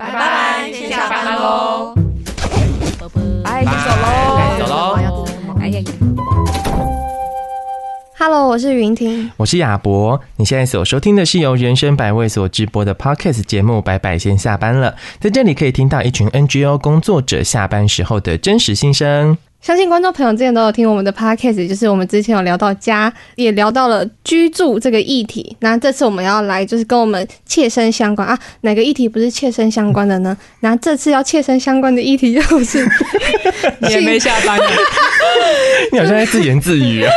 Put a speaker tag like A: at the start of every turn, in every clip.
A: 拜拜，bye bye，先下班嘍！拜拜，
B: 走嘍！走嘍！哎呀，Hello，我是雲婷，
A: 我是亞伯。你現在所收聽的是由人生百味所直播的 Podcast 節目《百百先下班了》。在這裡可以聽到一群 NGO 工作者下班時候的真實心聲。
B: 相信觀眾朋友之前都有聽我們的 podcast，就是我們之前有聊到家，也聊到了居住這個議題。那這次我們要來，就是跟我們切身相關啊，哪個議題不是切身相關的呢？那這次要切身相關的議題是 性，又是你
C: 還沒下班
A: 呢？ 你好像在自言自語啊，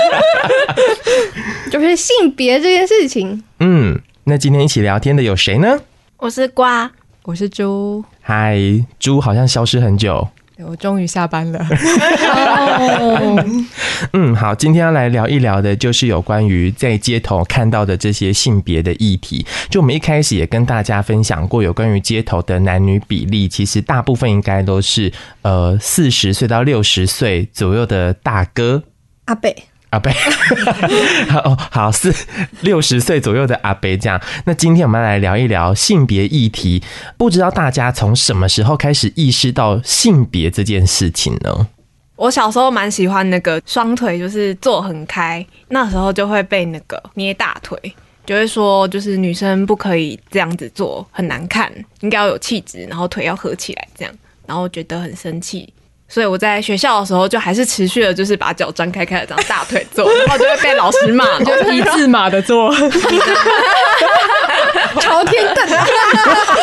B: 就是
C: 性別這件事情。
A: 嗯，那今天一起聊天的有誰呢？
C: 我是瓜，我是豬。
A: 嗨，豬好像消失很久。
C: 我終於下班了。
A: 嗯，好，今天要來聊一聊的，就是有關於在街頭看到的這些性別的議題。就我們一開始也跟大家分享過，有關於街頭的男女比例，其實大部分應該都是呃四十歲到六十歲左右的大哥。阿伯。阿伯，哦， 好，是六十歲左右的阿伯這樣。那今天我們來聊一聊性別議題。不知道大家從什麼時候開始意識到性別這件事情呢？
C: 我小時候蠻喜歡那個雙腿就是坐很開，那時候就會被那個捏大腿，就會說就是女生不可以這樣子坐，很難看，應該要有氣質，然後腿要合起來這樣，然後覺得很生氣。所以我在學校的時候，就還是持續的，就是把腳張開，開始這樣大腿坐，然後就會被老師罵，就一字馬的坐， 朝天瞪頓、啊，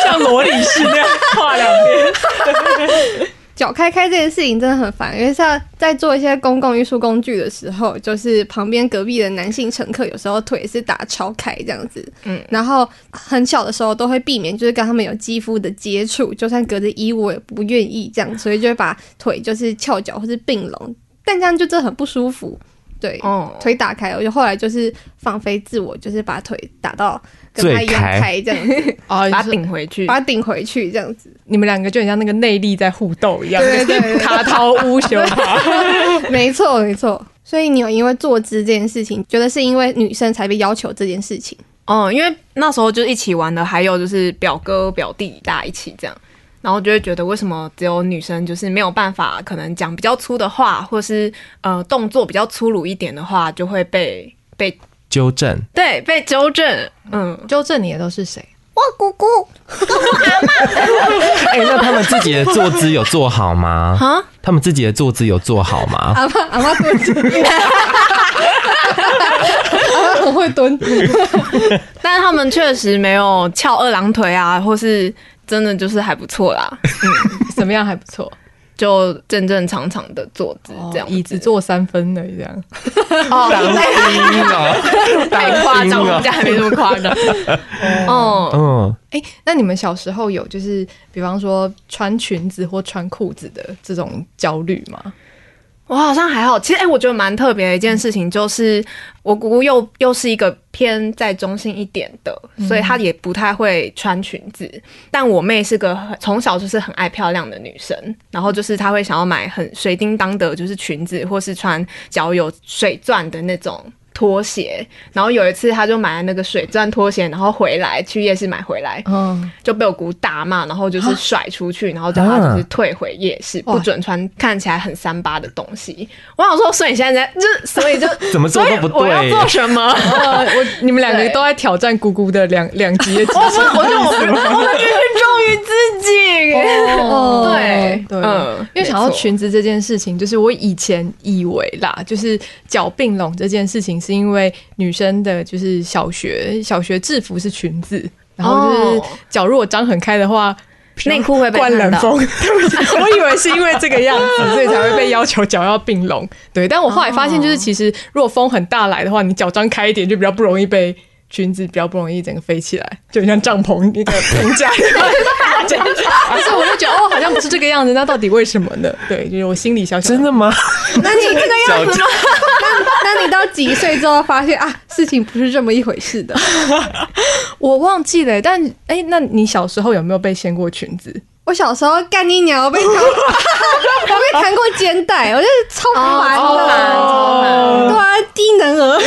C: 像蘿莉式那樣跨兩邊。
B: 腳開開這件事情真的很煩，因為像在做一些公共運輸工具的時候，就是旁邊隔壁的男性乘客有時候腿是打超開這樣子，嗯，然後很小的時候都會避免，就是跟他們有肌膚的接觸，就算隔着衣我也不願意這樣，所以就會把腿就是翹腳或是併攏，但這樣就真的很不舒服，對，哦，腿打開，我就後來就是放
C: 飛自我，就是把腿打到。把它壓開，這樣把他頂回去，把他頂回去，這樣子。你們兩個就很像那個內力在互鬥一樣， 對對對， 卡掏烏羞。
B: 沒錯沒錯，所以你有因為坐姿這件事情，覺得是因為女生
C: 才被要求這件事情？哦，因為那時候就一起玩的，還有就是表哥表弟，大家一起這樣，然後就會覺得為什麼只有女生就是沒有辦法，可能講比較粗的話，或是呃動作比較粗魯一點的話，就會被被。
A: 糾正，
C: 對，被糾正，嗯，糾正你的都是誰？我姑姑、
A: 阿媽。哎、 欸，那他們自己的坐姿有坐好嗎？哈蛤，他們自己的坐姿有坐好嗎？阿
C: 媽、阿媽蹲姿，
A: 阿媽很會蹲姿，
C: 但是他們確實沒有翹二郎腿啊，或是真的就是還不錯啦。嗯，什麼樣還不錯？就正正常常的坐姿，這樣椅子、哦，坐三分的這樣。 哦，分誇誇張，我
D: 家 還沒那麼誇張。哦，
C: 嗯、欸，那你們小時候有就是，比方說穿裙子或穿褲子的這種焦慮嗎？我 好像還好，其實、欸、我覺得蠻特別的一件事情，就是我姑姑又又是一個，偏在中性一點的，所以她也不太會穿裙子。嗯。但我妹是個從小就是很愛漂亮的女生，然後就是她會想要買很水叮噹的，就是裙子，或是穿腳有水鑽的那種，拖鞋，然後有一次他就買了那個水鑽拖鞋，然後回來去夜市買回來，就被我姑打罵，然後就是甩出去，然後叫他就是退回夜市，不准穿看起來很三八的東西。我想說，所以你現在在就，所以就怎麼做都不對，我要做什麼？我我你們兩個都在挑戰姑姑的兩兩極的極限。我覺得我不，我更忠於自己。對對，因為想到裙子這件事情，就是我以前以為啦，就是腳併攏這件事情。是因為女生的就是小學小學制服是裙子，然後就是腳如果張很開的話，內褲會被灌風。 我以為是因為這個樣子， 所以才會被要求腳要併攏。對，但我後來發現，就是其實如果風很大來的話，你腳張開一點就比較不容易被裙子，比較不容易整個飛起來，就很像帳篷一個棚架。
D: 所以，我就覺得哦，好像不是
C: 這個樣子，那到底為什麼呢？對，就是我心裡想想，真的嗎？那你這個樣
D: 子嗎？到你到幾歲之
C: 後發現啊，事情不是這麼一回事的， 我忘記了、欸。但哎、欸，那你小時候有沒有被掀過裙子？我小時候幹你
B: 娘，我被彈、哦， 我被彈過肩帶，我覺得超煩的。對啊，低能兒。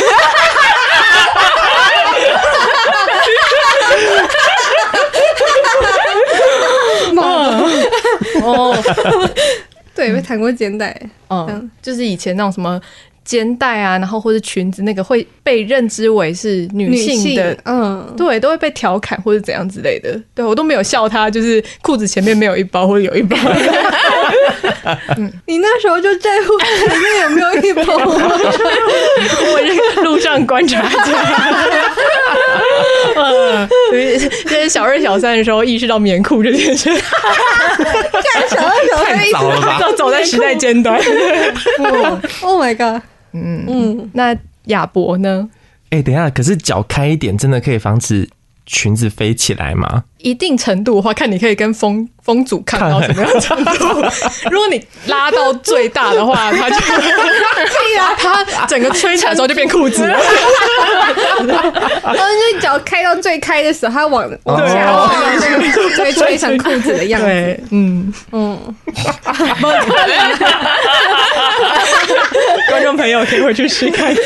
C: 媽 哦、嗯， 對，被彈過肩帶。嗯，嗯就是以前那種什麼。肩帶啊，然後或者裙子那個會被認知為是女性的，性嗯，對，都會被調侃或者怎樣之類的。對我都沒有笑他，就是褲子前面沒有一包或者有一包。你那時候就在乎前面有沒有一包嗎？ 我是個路上觀察家。 嗯，就是小二小三的時候意識到棉褲這件事。
D: 太早了吧？都走在時代尖端。
C: 哦、Oh my god！嗯嗯，那亞伯呢？哎，
A: 欸、等一下，可是腳開一點，真的可以防止裙子飛起來嗎？
C: 一定程度的話，看你可以跟風風阻看到什麼樣的程度。 如果你拉到最大的話，它就可以啊。它整個吹起來的時候就變褲子
B: 了。然 就腳開到最開的時候，它往
D: 下吹，吹、哦哦、成褲子的樣子。嗯嗯。嗯
A: 觀眾朋友可以回去試看。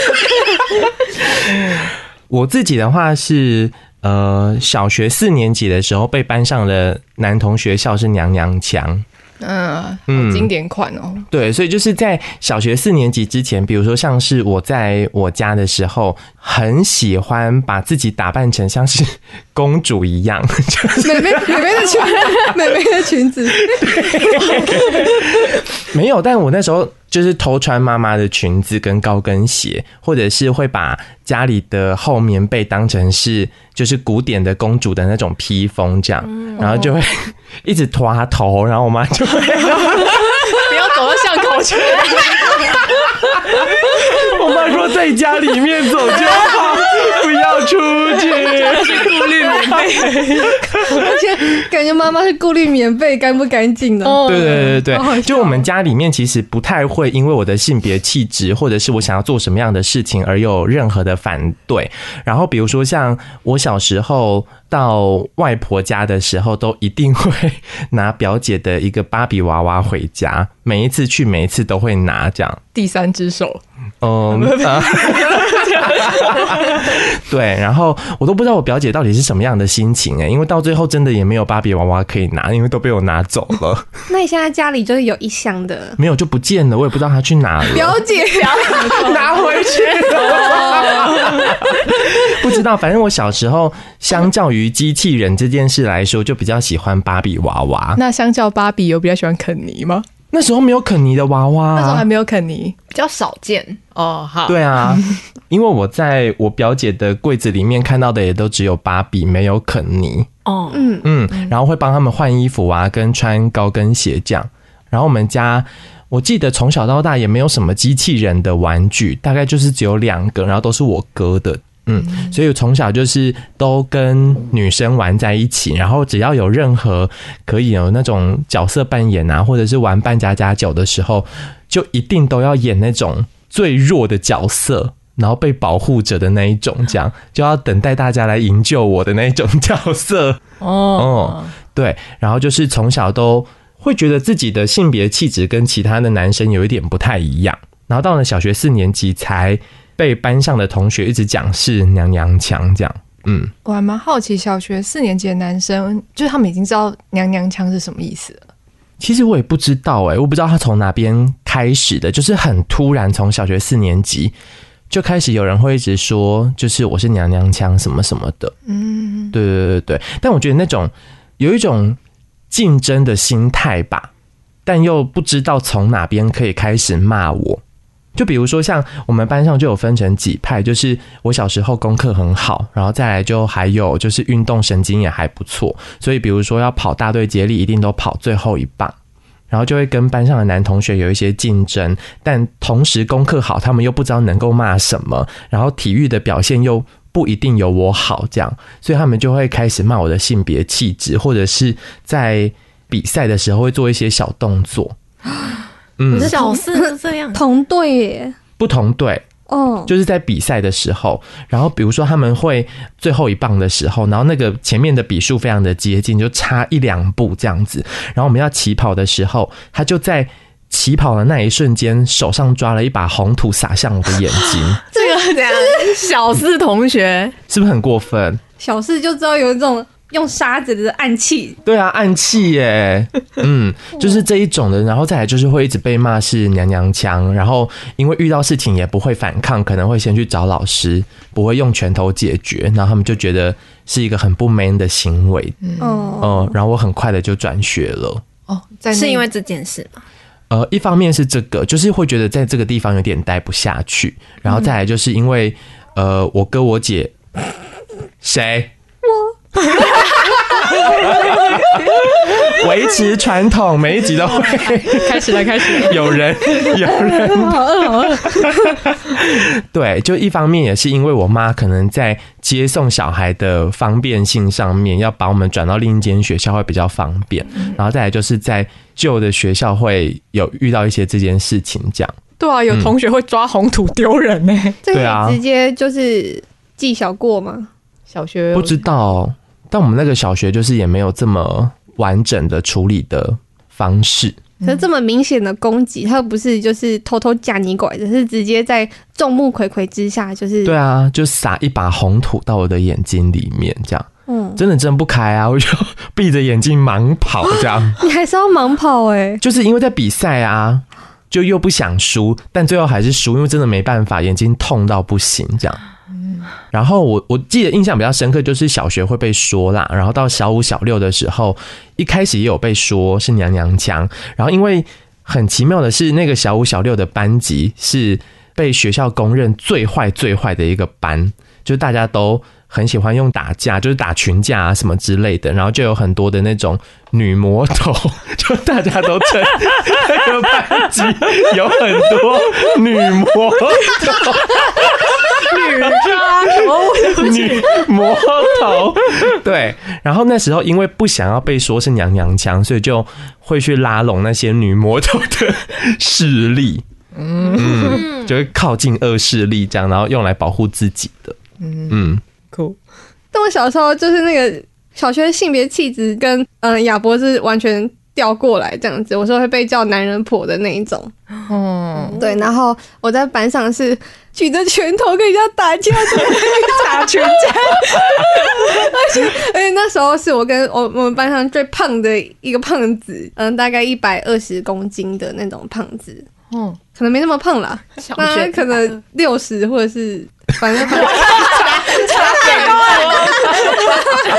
A: 我自己的話是。呃，小學四年級的時候被班上的男同學笑是娘娘腔。
C: 嗯，呃，經典款哦。
A: 對，所以就是在小學四年級之前，比如說像是我在我家的時候，很喜歡把自己打扮成像是公主一樣，
D: 美美美美的裙，美美的裙子。
A: 沒有，但我那時候就是偷穿媽媽的裙子跟高跟鞋，或者是會把家裡的厚棉被當成是就是古典的公主的那種披風這樣，嗯、然後就會、哦、一直拖頭，然後我媽就會，不要走到巷口去， 我媽說在家裡面走就。
D: 出去，對是顧慮免，而且 感覺
B: 媽媽是顧慮棉被乾不乾淨的。對對對對
A: 對，哦、就我們家裡面其實不太會因為我的性別氣質或者是我想要做什麼樣的事情而有任何的反對。然後比如說像我小時候到外婆家的時候，都一定會拿表姐的一個芭比娃娃回家，每一次去每一次都會拿這樣。
C: 第三隻手，嗯。
A: Um, uh, 哈哈哈哈對，然後我都不知道我表姐到底是什麼樣的心情哎、欸，因為到最後真的也沒有芭比娃娃可以拿，因為都被我拿走了。
B: 那你現在家裡就是有一箱的，
A: 沒有就不見了，我也不知道她去哪了。表
B: 姐， 拿回去了，
A: 不知道。反正我小時候，相較於機器人這件事來說，就比較喜歡芭比娃娃。那
C: 相較芭比，有比較喜歡肯尼嗎？那時候沒有肯尼的娃娃，那時候還沒有肯尼，比較少見哦。好，對啊，
A: 因為我在我表姐的櫃子裡面看到的也都只有芭比，沒有肯尼。哦，嗯嗯，然後會幫他們換衣服啊，跟穿高跟鞋這樣。然後我們家，我記得從小到大也沒有什麼機器人的玩具，大概就是只有兩個，然後都是我哥的。嗯，所以從小就是都跟女生玩在一起，然後只要有任何可以有那種角色扮演啊，或者是玩扮家家酒的時候，就一定都要演那種最弱的角色，然後被保護者的那一種，這樣就要等待大家來營救我的那一種角色。
D: 哦、oh. 嗯，
A: 對，然後就是從小都會覺得自己的性別氣質跟其他的男生有一點不太一樣，然後到了小學四年級才。被班上的同學一直講是娘娘腔，這樣，嗯，
C: 我還蠻好奇，小學四年級的男生，就是他們已經知道娘娘腔是什麼意思了。
A: 其實我也不知道，欸，誒，我不知道他從哪邊開始的，就是很突然，從小學四年級就開始有人會一直說，就是我是娘娘腔什麼什麼的。嗯，對對對對對。但我覺得那種有一種競爭的心態吧，但又不知道從哪邊可以開始罵我。就比如說，像我們班上就有分成幾派，就是我小時候功課很好，然後再來就還有就是運動神經也還不錯，所以比如說要跑大隊接力，一定都跑最後一棒，然後就會跟班上的男同學有一些競爭，但同時功課好，他們又不知道能夠罵什麼，然後體育的表現又不一定有我好，這樣，所以他們就會開始罵我的性別氣質，或者是在比賽的時候會做一些小動作。嗯、是小四
B: 這樣，同隊耶，不同隊哦，嗯、就
A: 是在比賽的，的時候，然後比如說他們會最後一棒的時候，然後那個前面的比數非常的接近，就差一兩步這樣子，然後我們要起跑的時候，他就在起跑的那一瞬間，手上抓了一把紅土撒向我的眼睛，
C: 這個怎樣？ 小四同
B: 學
A: 是不是很過分？
B: 小四就知道有一種。用沙子的暗器，
A: 對啊，暗器耶， 嗯，就是這一種的。然後再來就是會一直被罵是娘娘腔，然後因為遇到事情也不會反抗，可能會先去找老師，不會用拳頭解決。然後他們就覺得是一個很不 man 的行為，嗯，嗯，然後我很快的就轉學了。
C: 哦，是因為這件事嗎？
A: 呃，一方面是這個，就是會覺得在這個地方有點待不下去。然後再來就是因為，呃，我哥我姐誰我。
D: 維
A: 持傳統，每一集都會開始了，開始有人，有人，好餓，好餓。對，就一方面也是因為我媽可能在接送小孩的方便性上面，要把我們轉到另一間學校會比較方便。然後再來就是在舊的學校會有遇到一些這件事情，這樣，
C: 對啊，有同學會抓紅土丟人呢，對啊。直接就是記
B: 小過嗎？小學不知
A: 道哦。但我們那個小學就是也沒有這麼完整的處理的方式。可
B: 是這麼明顯的攻擊，他又不是就是偷偷架你拐子，是直接在眾目睽睽之下，就是
A: 對啊，就撒一把紅土到我的眼睛裡面，這樣，嗯，真的睜不開啊，我就閉着眼睛盲跑，這樣。
B: 你還是要盲跑誒。
A: 就是因為在比賽啊，就又不想輸，但最後還是輸，因為真的沒辦法，眼睛痛到不行，這樣。然後我我記得印象比較深刻，就是小學會被說啦，然後到小五小六的時候，一開始也有被說是娘娘腔。然後因為很奇妙的是，那個小五小六的班級是被學校公認最壞最壞的一個班，就大家都很喜歡用打架，就是打群架啊什麼之類的。然後就有很多的那種女魔頭，就大家都稱 那個班級有很多女魔頭。 女渣頭、
D: 不女魔頭，
A: 對。然後那時候因為不想要被說是娘娘腔，所以就會去拉攏那些女魔頭的勢力，嗯，嗯，就會靠近惡勢力這樣，然後用來保護自己的。嗯嗯，酷、嗯。
B: Cool. 但我小時候就是那個小學性別氣質跟嗯亞、呃、伯是完全。調過來這樣子，我說會被叫男人婆的那一種，嗯、對，然後我在班上是舉着拳頭跟人家打架，會打， 打
D: 拳架，
B: 而且，欸、那時候是我跟我我們班上最胖的一個胖子，嗯，大概一百二十公斤的那種胖子，嗯，可能沒那麼胖了，那、啊、可能六十或者是反正， 哈哈哈哈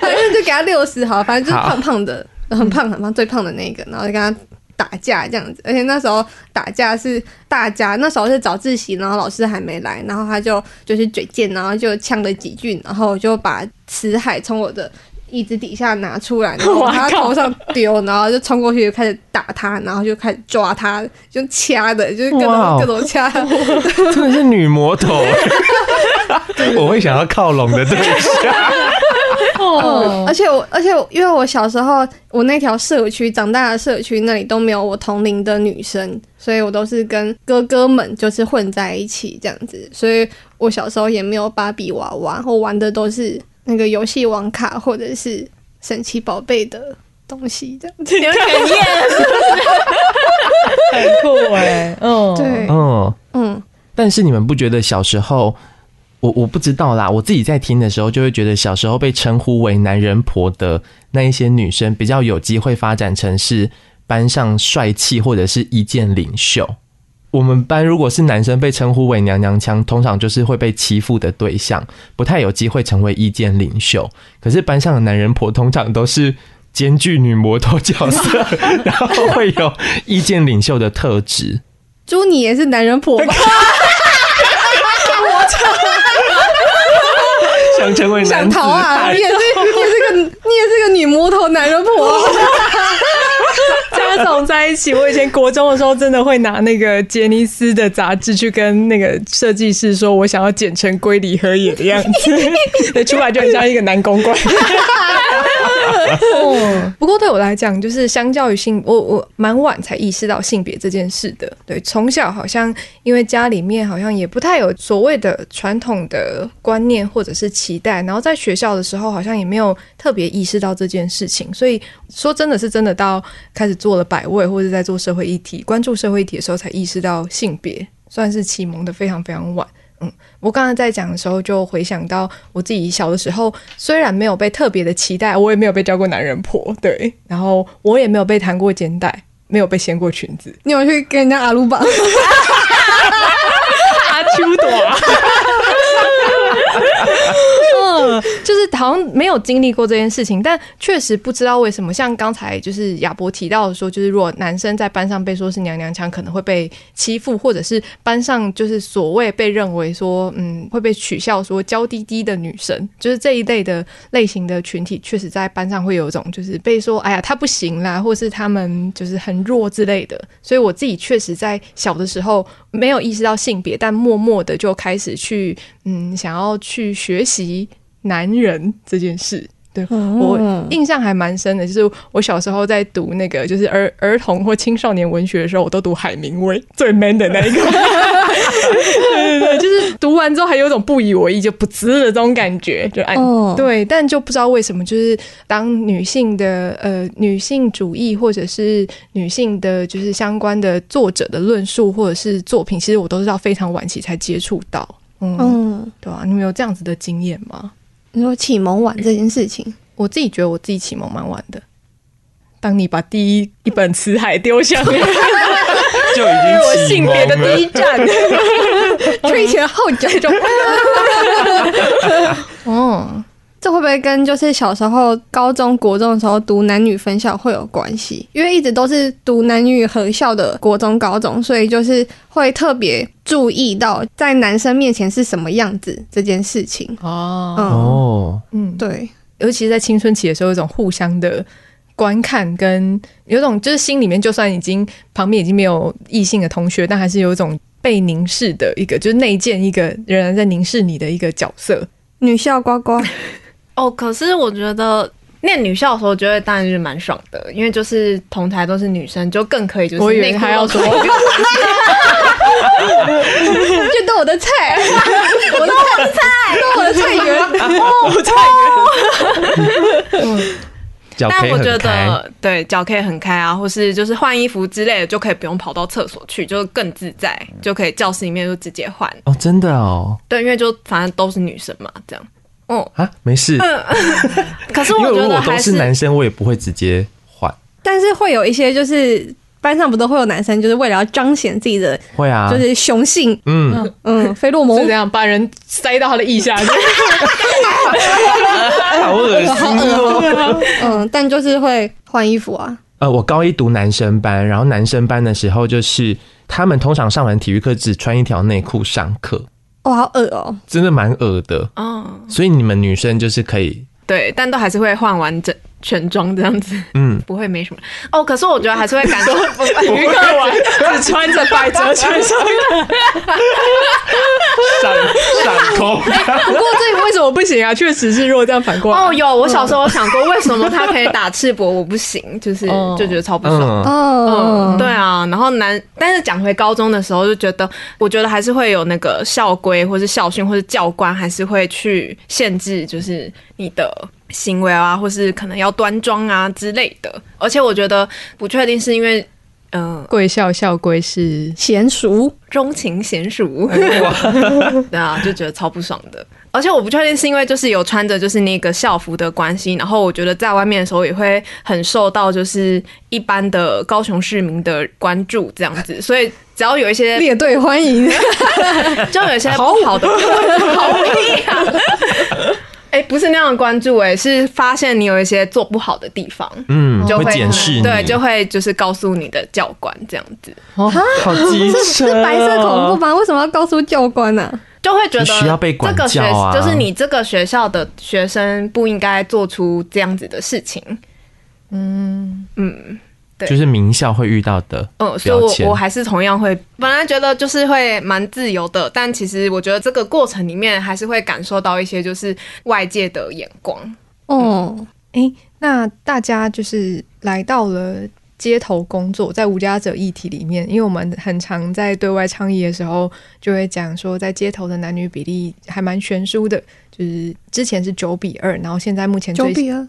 B: 反正就給他六十好了，反正就是胖胖的。很胖很胖，最胖的那個，然後就跟他打架這樣子。而且那時候打架是大家，那時候是早自習，然後老師還沒來，然後他就就是嘴賤，然後就嗆了幾句，然後就把辭海從我的椅子底下拿出來，然後往他頭上丟，然後就衝過去開始打他，然後就開始抓他，就掐的，就是各種各種掐 wow, 。
A: 特別是女魔頭， 我會想要靠攏的對象。
D: 哦，嗯 oh, 而且
B: 我，而且因為我小時候，我那條社區長大的社區那裡都沒有我同齡的女生，所以我都是跟哥哥們就是混在一起這樣子，所以我小時候也沒有芭比娃娃，我玩的都是那個遊戲王卡或者是神奇寶貝的東西，這樣子。很酷
C: 哎，欸，oh. 對，
A: 嗯，oh, 嗯，但是你們不覺得小時候？我我不知道啦，我自己在聽的時候就會覺得，小時候被稱呼為男人婆的那一些女生，比較有機會發展成是班上帥氣或者是意見領袖。我們班如果是男生被稱呼為娘娘腔，通常就是會被欺負的對象，不太有機會成為意見領袖。可是班上的男人婆通常都是兼具女魔頭角色， 然後會有意見領袖的特質。
B: 朱你也是男人婆？ 想成為想逃啊！你也是，你也是個，你也是個女魔頭，男人婆。
C: 他總在一起，我以前國中的時候，真的會拿那個《傑尼斯》的雜誌去跟那個設計師說：“我想要剪成龜梨和也的樣子。” 對，出來就很像一個男公關。 哦，不過對我來講，就是相較於性，我我蠻晚才意識到性別這件事的。對，從小好像因為家裡面好像也不太有所謂的傳統的觀念或者是期待，然後在學校的時候好像也沒有特別意識到這件事情。所以說，真的是真的到開始做了，百味，或者在做社會議題，關注社會議題的時候，才意識到性別算是啟蒙的非常非常晚。嗯，我剛剛在講的時候，就回想到我自己小的時候，雖然沒有被特別的期待，我也沒有被叫過男人婆，對，然後我也沒有被彈過肩帶，沒有被掀過裙子，
B: 你有去跟人家阿魯巴
D: 阿
C: 秋朵？ 啊 就是好像沒有經歷過這件事情，但確實不知道為什麼。像剛才就是亞伯提到的，說，就是如果男生在班上被說是娘娘腔，可能會被欺負，或者是班上就是所謂被認為說嗯會被取笑說嬌滴滴的女生，就是這一類的類型的群體，確實在班上會有一種就是被說哎呀他不行啦，或是他們就是很弱之類的。所以我自己確實在小的時候沒有意識到性別，但默默的就開始去嗯想要去學習。男人這件事，對我印象還蠻深的。就是我小時候在讀那個，就是兒兒童或青少年文學的時候，我都讀海明威最 man 的那一個。 對對對，就是讀完之後還有一種不以為意就不知的這種感覺，就哎，oh. 對。但就不知道為什麼，就是當女性的呃女性主義或者是女性的，就是相關的作者的論述或者是作品，其實我都是到非常晚期才接觸到。
D: 嗯，oh.
C: 對啊，你們有這樣子的經驗嗎？你說啟蒙晚這件事情，欸，我自己覺得我自己啟蒙蠻晚的。當你把第一一本辭海丟下來， 就已經 是我性別的第一站， 吹響號角，就……種。
B: 哦。這會不會跟就是小時候、高中、國中的時候讀男女分校會有關係？因為一直都是讀男女合校的國中、高中，所以就是會特別注意到在男生面前是什麼樣子這件事情。哦嗯，哦
C: 嗯對，尤其是在青春期的時候，有一種互相的觀看，跟有種就是心裡面，就算已經旁邊已經沒有異性的同學，但還是有一種被凝視的一個，就是內建一個仍然在凝視你的一個角色。女校呱呱。 哦，可是我覺得念女校的時候，覺得當然就是蠻爽的，因為就是同台都是女生，就更可以就是內褲要說
D: 就
C: 對我的菜， 我的菜，菜，對我的菜園，
D: 我的菜園。
C: 但我覺得對腳可以很開啊，或是就是換衣服之類的，就可以不用跑到廁所去，就更自在，就可以教室裡面就直接換
A: 哦，真的哦，
C: 對，因為就反正都是女生嘛，這樣。
A: 嗯啊，沒事。
C: 嗯、可是，我覺得是，因為我都是男
A: 生，我也不會直接換。
B: 但是會有一些，就是班上不都會有男生，就是為了要彰顯自己的，會啊，就是雄性。嗯嗯，費、嗯、洛蒙，是這樣把人塞到他的腋下， 好噁心、哦，嗯，
D: 好
B: 噁心、哦、嗯，但就是會換衣服啊。
A: 呃、嗯，我高一讀男生班，然後男生班的時候，就是他們通常上完體育課只穿一條內褲上課。
C: 哇，oh, 好惡哦、喔，
A: 真的蠻惡的。嗯，oh. 所以你們女生就是可以，
C: 對，但都還是會換完整。全裝這樣子，嗯，不會沒什麼哦。可是我覺得還是會感覺女客 玩只穿着百褶裙，穿
D: 着
C: 閃閃光。不、欸、過這個為什麼不行啊？確 實是，如果這樣反過來、啊、哦。有我小時候有想過，為什麼他可以打赤膊， 我不行，就是就覺得超不爽。哦，對啊。然後男，但是講回高中的時候，就覺得我覺得還是會有那個校規，或是校訓，或是教官，還是會去限制，就是你的。行為啊，或是可能要端莊啊之類的。而且我覺得不確定，是因為嗯，貴、呃、校校規是嫻熟鍾情嫻熟，對啊，就覺得超不爽的。而且我不確定是因為就是有穿着就是那個校服的關係，然後我覺得在外面的時候也會很受到就是一般的高雄市民的關注這樣子。所以只要有一些列隊歡迎， 就有一些不好的，好命啊。欸、不是那樣的關注，是發現你有一些做不好的地方，嗯，就會，會檢視你，對，就會就是告訴你的教官這樣子。
D: 哦、
B: 蛤好啊，好是，是
A: 白色恐怖
B: 嗎？為什麼要告訴教官呢、啊？
C: 就會覺得這個學，啊、就是你這個學校的學生不應該做出這樣子的事情。嗯嗯。嗯對就是
A: 名校會遇到的，嗯，所以我我還
C: 是同樣會。本來覺得就是會蠻自由的，但其實我覺得這個過程裡面還是會感受到一些就是外界的眼光。哦，誒、嗯欸，那大家就是來到了街頭工作，在無家者議題裡面，因為我們很常在對外倡議的時候就會講說，在街頭的男女比例還蠻懸殊的，就是之前是九比二，然後現在目前就是。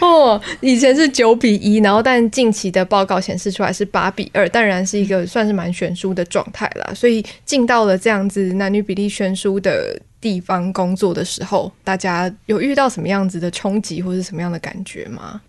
C: 哦，以前是九比一，然後但近期的報告顯示出來是八比二，當然是一個算是蠻懸殊的狀態啦。所以進到了這樣子男女比例懸殊的地方工作的時候，大家有遇到什麼樣子的衝擊或是什麼樣的感覺嗎？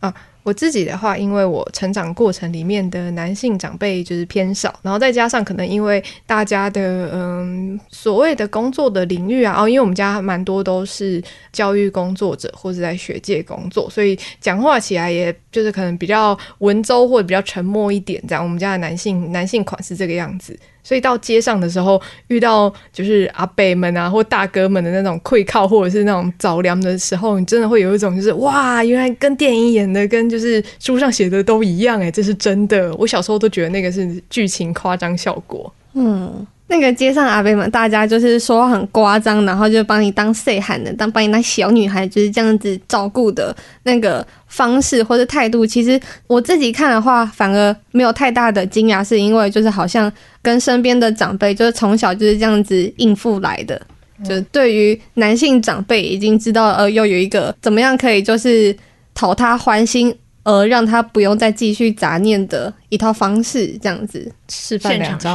C: 啊。我自己的話，因為我成長過程裡面的男性長輩就是偏少，然後再加上可能因為大家的嗯所謂的工作的領域啊，哦，因為我們家蠻多都是教育工作者或是在學界工作，所以講話起來也就是可能比較文縐或者比較沉默一點，這樣我們家的男性男性，款是這個樣子。所以到街上的時候，遇到就是阿伯們啊，或大哥們的那種跪靠，或者是那種着涼的時候，你真的會有一種就是哇，原來跟電影演的、跟就是書上寫的都一樣誒、欸，這是真的。我小時候都覺得那個是劇情誇張效果。
B: 嗯，那個街上阿伯們，大家就是說很誇張，然後就幫你當細漢的，當幫你那小女孩就是這樣子照顧的那個方式或者態度，其實我自己看的話，反而沒有太大的驚訝，是因為就是好像跟身邊的長輩，就是從小就是這樣子應付來的。嗯、就對於男性長輩，已經知道呃，又有一個怎麼樣可以就是討他歡心，而讓他不用再繼續雜念的一套方式，這樣子
D: 示範兩招。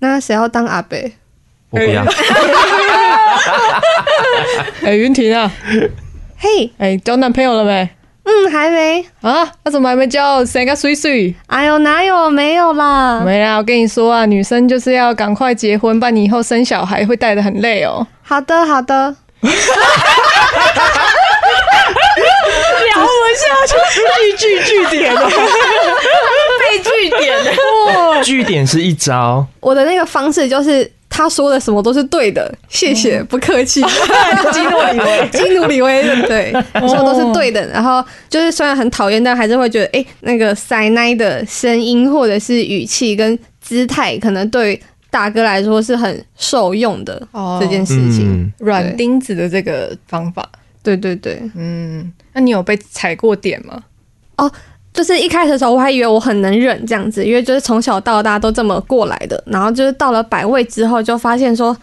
D: 那
B: 誰要當阿伯？
D: 我不要。哎、
C: 欸，云婷、 欸、啊，嘿、 欸，哎，交男朋友了沒？嗯，還沒啊？那、啊、怎麼還沒叫誰個水水？哎呦，哪有沒有啦？沒啦！我跟你說啊，女生就是要趕快結婚，不然你以後生小孩會帶得很累哦、喔。好的，好
B: 的。 聊我下去，一句句句點哦。 被
D: 句點哦。
B: 句
A: 點是一招，
B: 我的那個方式就是。他說的什麼都是對的，謝謝，嗯、
C: 不客氣。基 努李維，基 努李
A: 維，對，說的都是
B: 對的。然後就是雖然很討厭，但還是會覺得，哎、欸，那個塞奶的聲音或者是語氣跟姿態，可能對大哥來說是很受用的、哦、這件事情。軟
C: 釘、嗯、對子的這個方法，對對對，嗯，那你有被踩過點嗎？
B: 哦。就是一開始的時候，我還以為我很能忍這樣子，因為就是從小到大都這麼過來的。然後就是到了百味之後，就發現說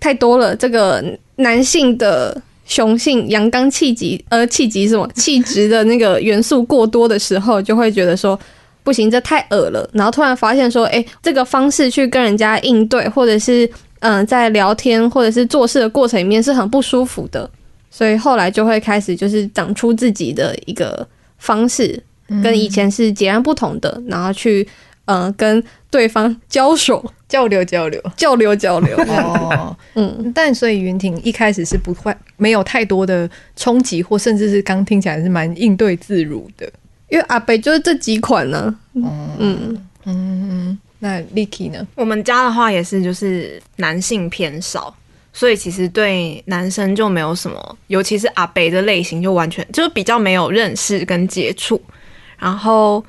B: 太多了。這個男性的雄性陽剛氣質，呃、氣質是什麼氣質的那個元素過多的時候，就會覺得說 不行，這太惡了。然後突然發現說，哎、欸，這個方式去跟人家應對，或者是嗯、呃、在聊天或者是做事的過程裡面是很不舒服的。所以後來就會開始就是長出自己的一個方式。跟以前是截然不同的，嗯、然後去呃跟
C: 對方交手、交流、交流、交流、交流哦，嗯。 但所以雲婷一開始是不會沒有太多的衝擊，或甚至是剛聽起來是蠻應對自如的，因為阿北就是這幾款呢，嗯嗯，那 Licky 呢？我們家的話也是，就是男性偏少，所以其實對男生就沒有什麼，尤其是阿北的類型，就完全就是比較沒有認識跟接觸。然後，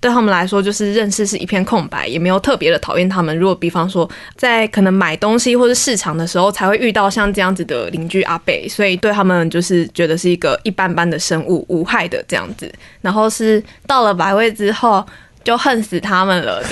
C: 對他們來說，就是認識是一片空白，也沒有特別的討厭他們。如果比方說，在可能買東西或是市場的時候，才會遇到像這樣子的鄰居阿北，所以對他們就是覺得是一個一般般的生物，無害的這樣子。然後是到了百味之後，就恨死他們了。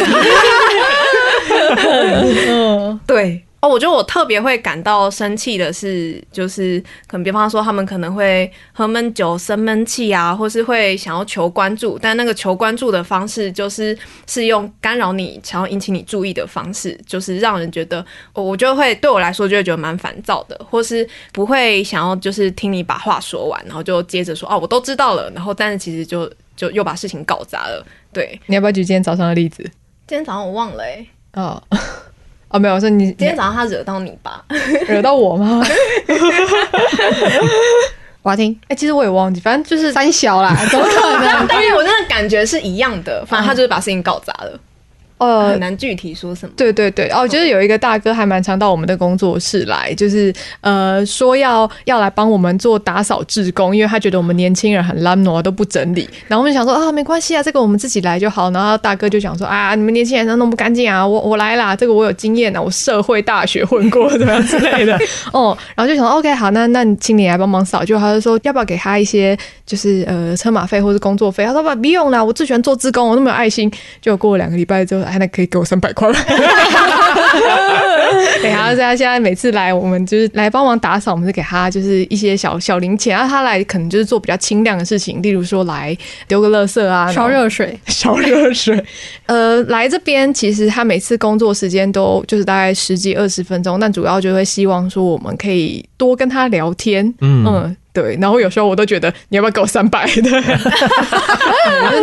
C: 嗯，對。哦，oh, 我覺得我特別會感到生氣的是，就是可能，比方說他們可能會喝悶酒生悶氣啊，或是會想要求關注，但那個求關注的方式就是是用干擾你，想要引起你注意的方式，就是讓人覺得、oh, 我就會對我來說，就會覺得蠻煩躁的，或是不會想要就是聽你把話說完，然後就接着說哦，我都知道了，然後但是其實就就又把事情搞砸了。對，你要不要舉今天早上的例子？今天早上我忘了誒、欸。哦。Oh. 哦，沒有說你今天早上他惹到你吧？惹到我嗎？ 我要聽。哎，其實我也忘記，反正就是三小啦。怎麼可能？但是我那個感覺是一樣的，反正他就是把事情搞砸了。啊嗯呃，uh, 很難具體說什麼。對對對，Okay. 哦，就是有一個大哥還蠻常到我們的工作室來，就是呃，說要要來幫我們做打掃志工，因為他覺得我們年輕人很懶惰，都不整理。然後我們想說啊，沒關係啊，這個我們自己來就好。然後大哥就想說啊，你們年輕人都弄不乾淨啊，我我來啦，這個我有經驗的、啊，我社會大學混過，怎麼樣之類的。 哦，然後就想說、啊、OK，好，那那請你來幫忙掃。就他就說要不要給他一些就是呃車馬費或是工作費？他說不，不用啦，我最喜歡做志工，我那麼有愛心。就過了兩個禮拜之後。他那可以給我三百塊了。等下，他現在每次來，我們就是來幫忙打掃，我們是給他就是一些小小零錢。然後他來可能就是做比較清亮的事情，例如說來丟個垃圾啊，燒熱水，燒熱後 水。 呃，來這邊其實他每次工作時間都就是大概十幾二十分鐘，但主要就會希望說我們可以多跟他聊天，嗯。嗯對，然後有時候我都覺得你要不要給我三百？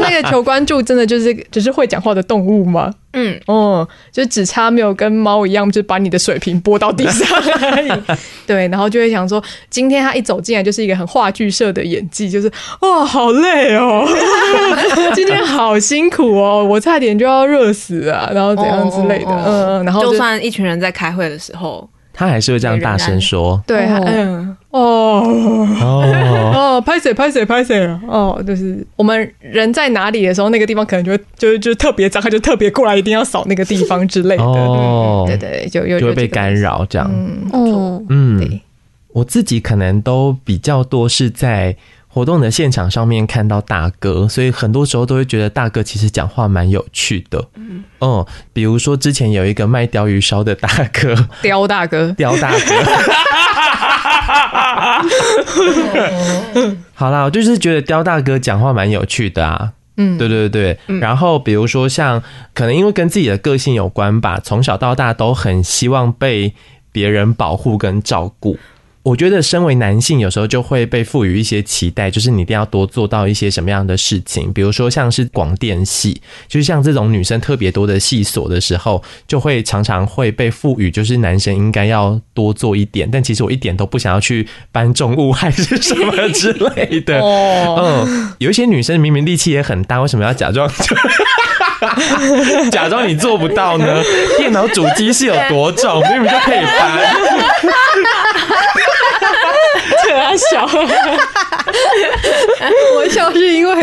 C: 那個求關注真的就是就是會講話的動物嗎？嗯，哦、嗯，就只差沒有跟貓一樣，就把你的水瓶撥到地上。 對，然後就會想說，今天他一走進來就是一個很話劇社的演技，就是哦，好累哦， 今天好辛苦哦，我差點就要熱死啊，然後怎樣之類的。哦哦哦嗯，然後就，就算一群人在開會的時候，
A: 他還是會這樣大聲說。哎、
C: 對，嗯。嗯哦哦拍水拍水拍水！哦，就是我們人在哪裡的時候，那個地方可能就會就就特別髒，他就特別過來，一定要掃那個地方之類的。哦，對
A: 對、對，just, 就會被干擾這樣。哦嗯，我自己可能都比較多是在活動的現場上面看到大哥，所以很多時候都會覺得大哥其實講話蠻有趣的。嗯，嗯比如說之前有一個賣鯛魚燒的大哥，
C: 鯛大哥，鯛大哥。
A: 啊， 好啦，我就是覺得刁大哥講話蠻有趣的啊。嗯，對對對。然後比如說像，可能因為跟自己的個性有關吧，從小到大都很希望被別人保護跟照顧。我覺得身為男性，有時候就會被賦予一些期待，就是你一定要多做到一些什麼樣的事情。比如說像是廣電系，就是像這種女生特別多的系所的時候，就會常常會被賦予，就是男生應該要多做一點。但其實我一點都不想要去搬重物，還是什麼之類
D: 的。嗯，
A: 有一些女生明明力氣也很大，為什麼要假裝 假裝你做不到呢？電腦主機是有多重，明明就可以搬。
C: 對啊，笑、啊！我笑是因為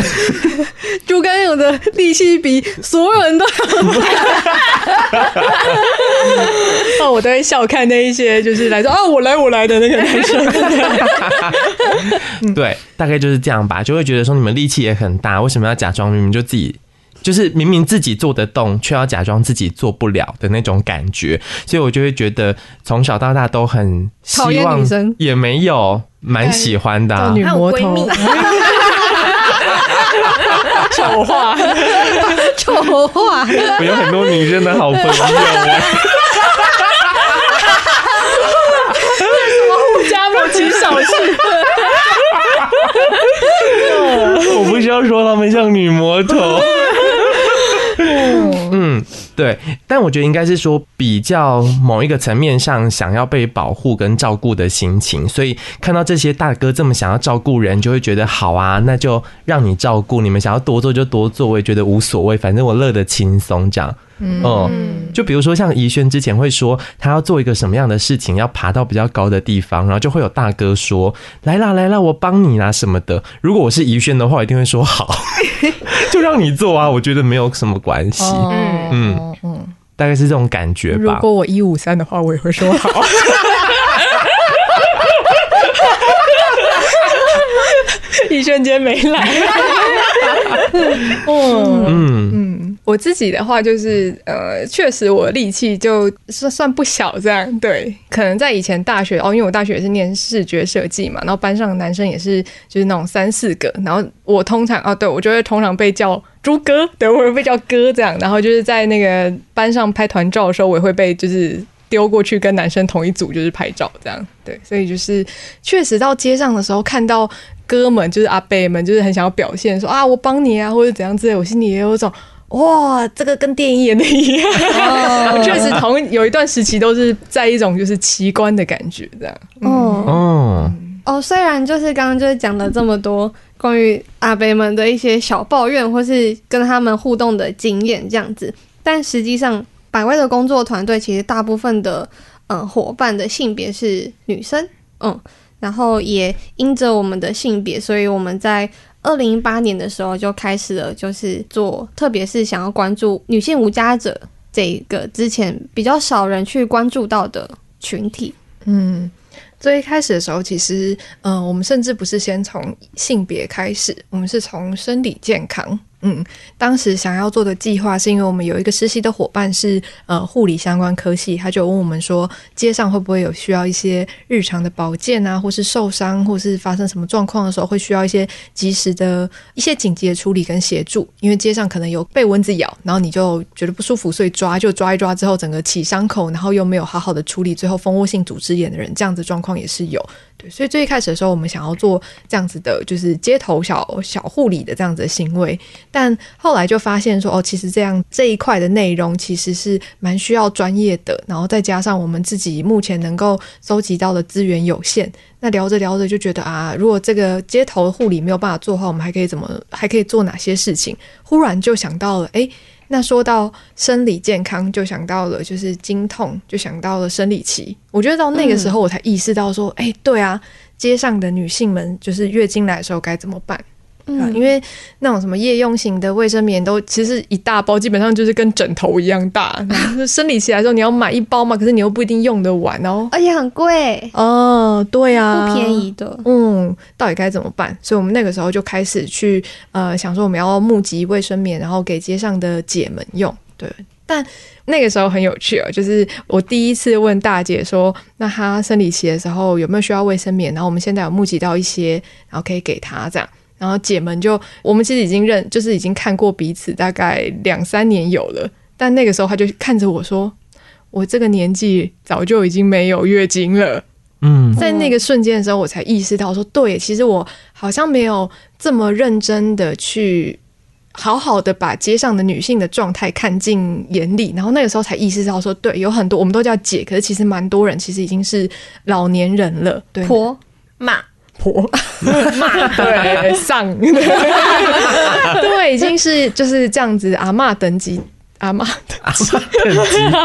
C: 豬肝勇的力氣比所有人都要大，啊，我都會笑看那一些就是來說啊，我來我來的那個男生。 嗯、
A: 對，大概就是這樣吧，就會覺得說你們力氣也很大，為什麼要假裝？你們就自己。就是明明自己做得動，卻要假裝自己做不了的那種感覺，所以我就會覺得從小到大都很討厭女生，也沒有蠻喜歡的、啊、女魔頭。醜、啊、 醜話，醜 醜話，我 有很多女生的好朋友。家莫急，小心！我不需要說他們像女魔頭。 嗯，對，但我覺得應該是說比較某一個層面上想要被保護跟照顧的心情，所以看到這些大哥這麼想要照顧人，就會覺得好啊，那就讓你照顧，你們想要多做就多做，我也覺得無所謂，反正我樂得輕鬆這樣。哦、嗯嗯，就比如說像宜軒之前會說他要做一個什麼樣的事情，要爬到比較高的地方，然後就會有大哥說來啦來啦，我幫你啦什麼的。如果我是宜軒的話，我一定會說好， 就讓你做啊，我覺得沒有什麼關係。嗯嗯、哦、嗯，嗯嗯，大概是這種感覺吧。如果我一五三的話，我也會說好。
C: 一瞬間沒來。嗯嗯嗯。哦嗯嗯我自己的話就是，呃，確實我力氣就是算不小，這樣對。可能在以前大學哦，因為我大學也是念視覺設計嘛，然後班上男生也是就是那種三四個，然後我通常啊、哦，對我就會通常被叫豬哥，對，或者被叫哥這樣，然後就是在那個班上拍團照的時候，我也會被就是丟過去跟男生同一組，就是拍照這樣，對。所以就是確實到街上的時候，看到哥們就是阿伯們，就是很想要表現，說啊，我幫你啊，或者怎樣之類的，我心裡也有種。哇，這個跟電影演的一樣，確 實，有一段時期都是在一種就是奇觀的感覺，這樣。
B: 哦，嗯、哦，雖然就是剛剛就是講了這麼多關於阿伯們的一些小抱怨或是跟他們互動的經驗這樣子，但實際上百味的工作團隊其實大部分的嗯、呃、夥伴的性別是女生，嗯，然後也因着我們的性別，所以我們在。二零一八年的時候就開始了，就是做，特別是想要關注女性無家者這個之前比較少人去關注到的群體。
D: 嗯，
B: 最一
C: 開始的時候，其實，嗯、呃，我們甚至不是先從性別開始，我們是從生理健康。嗯，當時想要做的計劃是因為我們有一個實習的伙伴是呃護理相關科系，他就問我們說，街上會不會有需要一些日常的保健啊，或是受傷，或是發生什麼狀況的時候會需要一些及時的一些緊急的處理跟協助。因為街上可能有被蚊子咬，然後你就覺得不舒服，所以抓就抓一抓之後，整個起傷口，然後又沒有好好的處理，最後蜂窩性組織炎的人這樣子狀況也是有。對，所以最一開始的時候，我們想要做這樣子的，就是街頭小小護理的這樣子的行為。但後來就發現說，哦，其實這樣這一塊的內容其實是蠻需要專業的，然後再加上我們自己目前能夠蒐集到的資源有限，那聊着聊着就覺得啊，如果這個街頭的護理沒有辦法做的話，我們還可以怎麼，還可以做哪些事情？忽然就想到了，哎，那說到生理健康，就想到了就是經痛，就想到了生理期。我覺得到那個時候我才意識到說，哎、嗯，對啊，街上的女性們就是月經來的時候該怎麼辦？嗯，因為那種什麼夜用型的衛生棉都其實一大包，基本上就是跟枕頭一樣大。嗯、 生理期來的時候，你要買一包嘛，可是你又不一定用得完哦，而且很貴哦，對啊，不便宜的。嗯，到底該怎麼辦？所以我們那個時候就開始去呃想說，我們要募集衛生棉，然後給街上的姐們用。對，但那個時候很有趣哦，就是我第一次問大姐說，那她生理期的時候有沒有需要衛生棉？然後我們現在有募集到一些，然後可以給她這樣。然後姐們就，我們其實已經認，就是已經看過彼此大概兩三年有了。但那個時候，她就看着我說：“我這個年紀早就已經沒有月經了。”嗯，在那個瞬間的時候，我才意識到說：“對，其實我好像沒有這麼認真的去好好的把街上的女性的狀態看進眼裡。”然後那個時候才意識到說：“對，有很多我們都叫姐，可是其實蠻多人其實已經是老年人了，對，婆媽。”婆媽、嗯、對上，對，已經是就是這樣子阿嬤等級阿嬤
D: 等級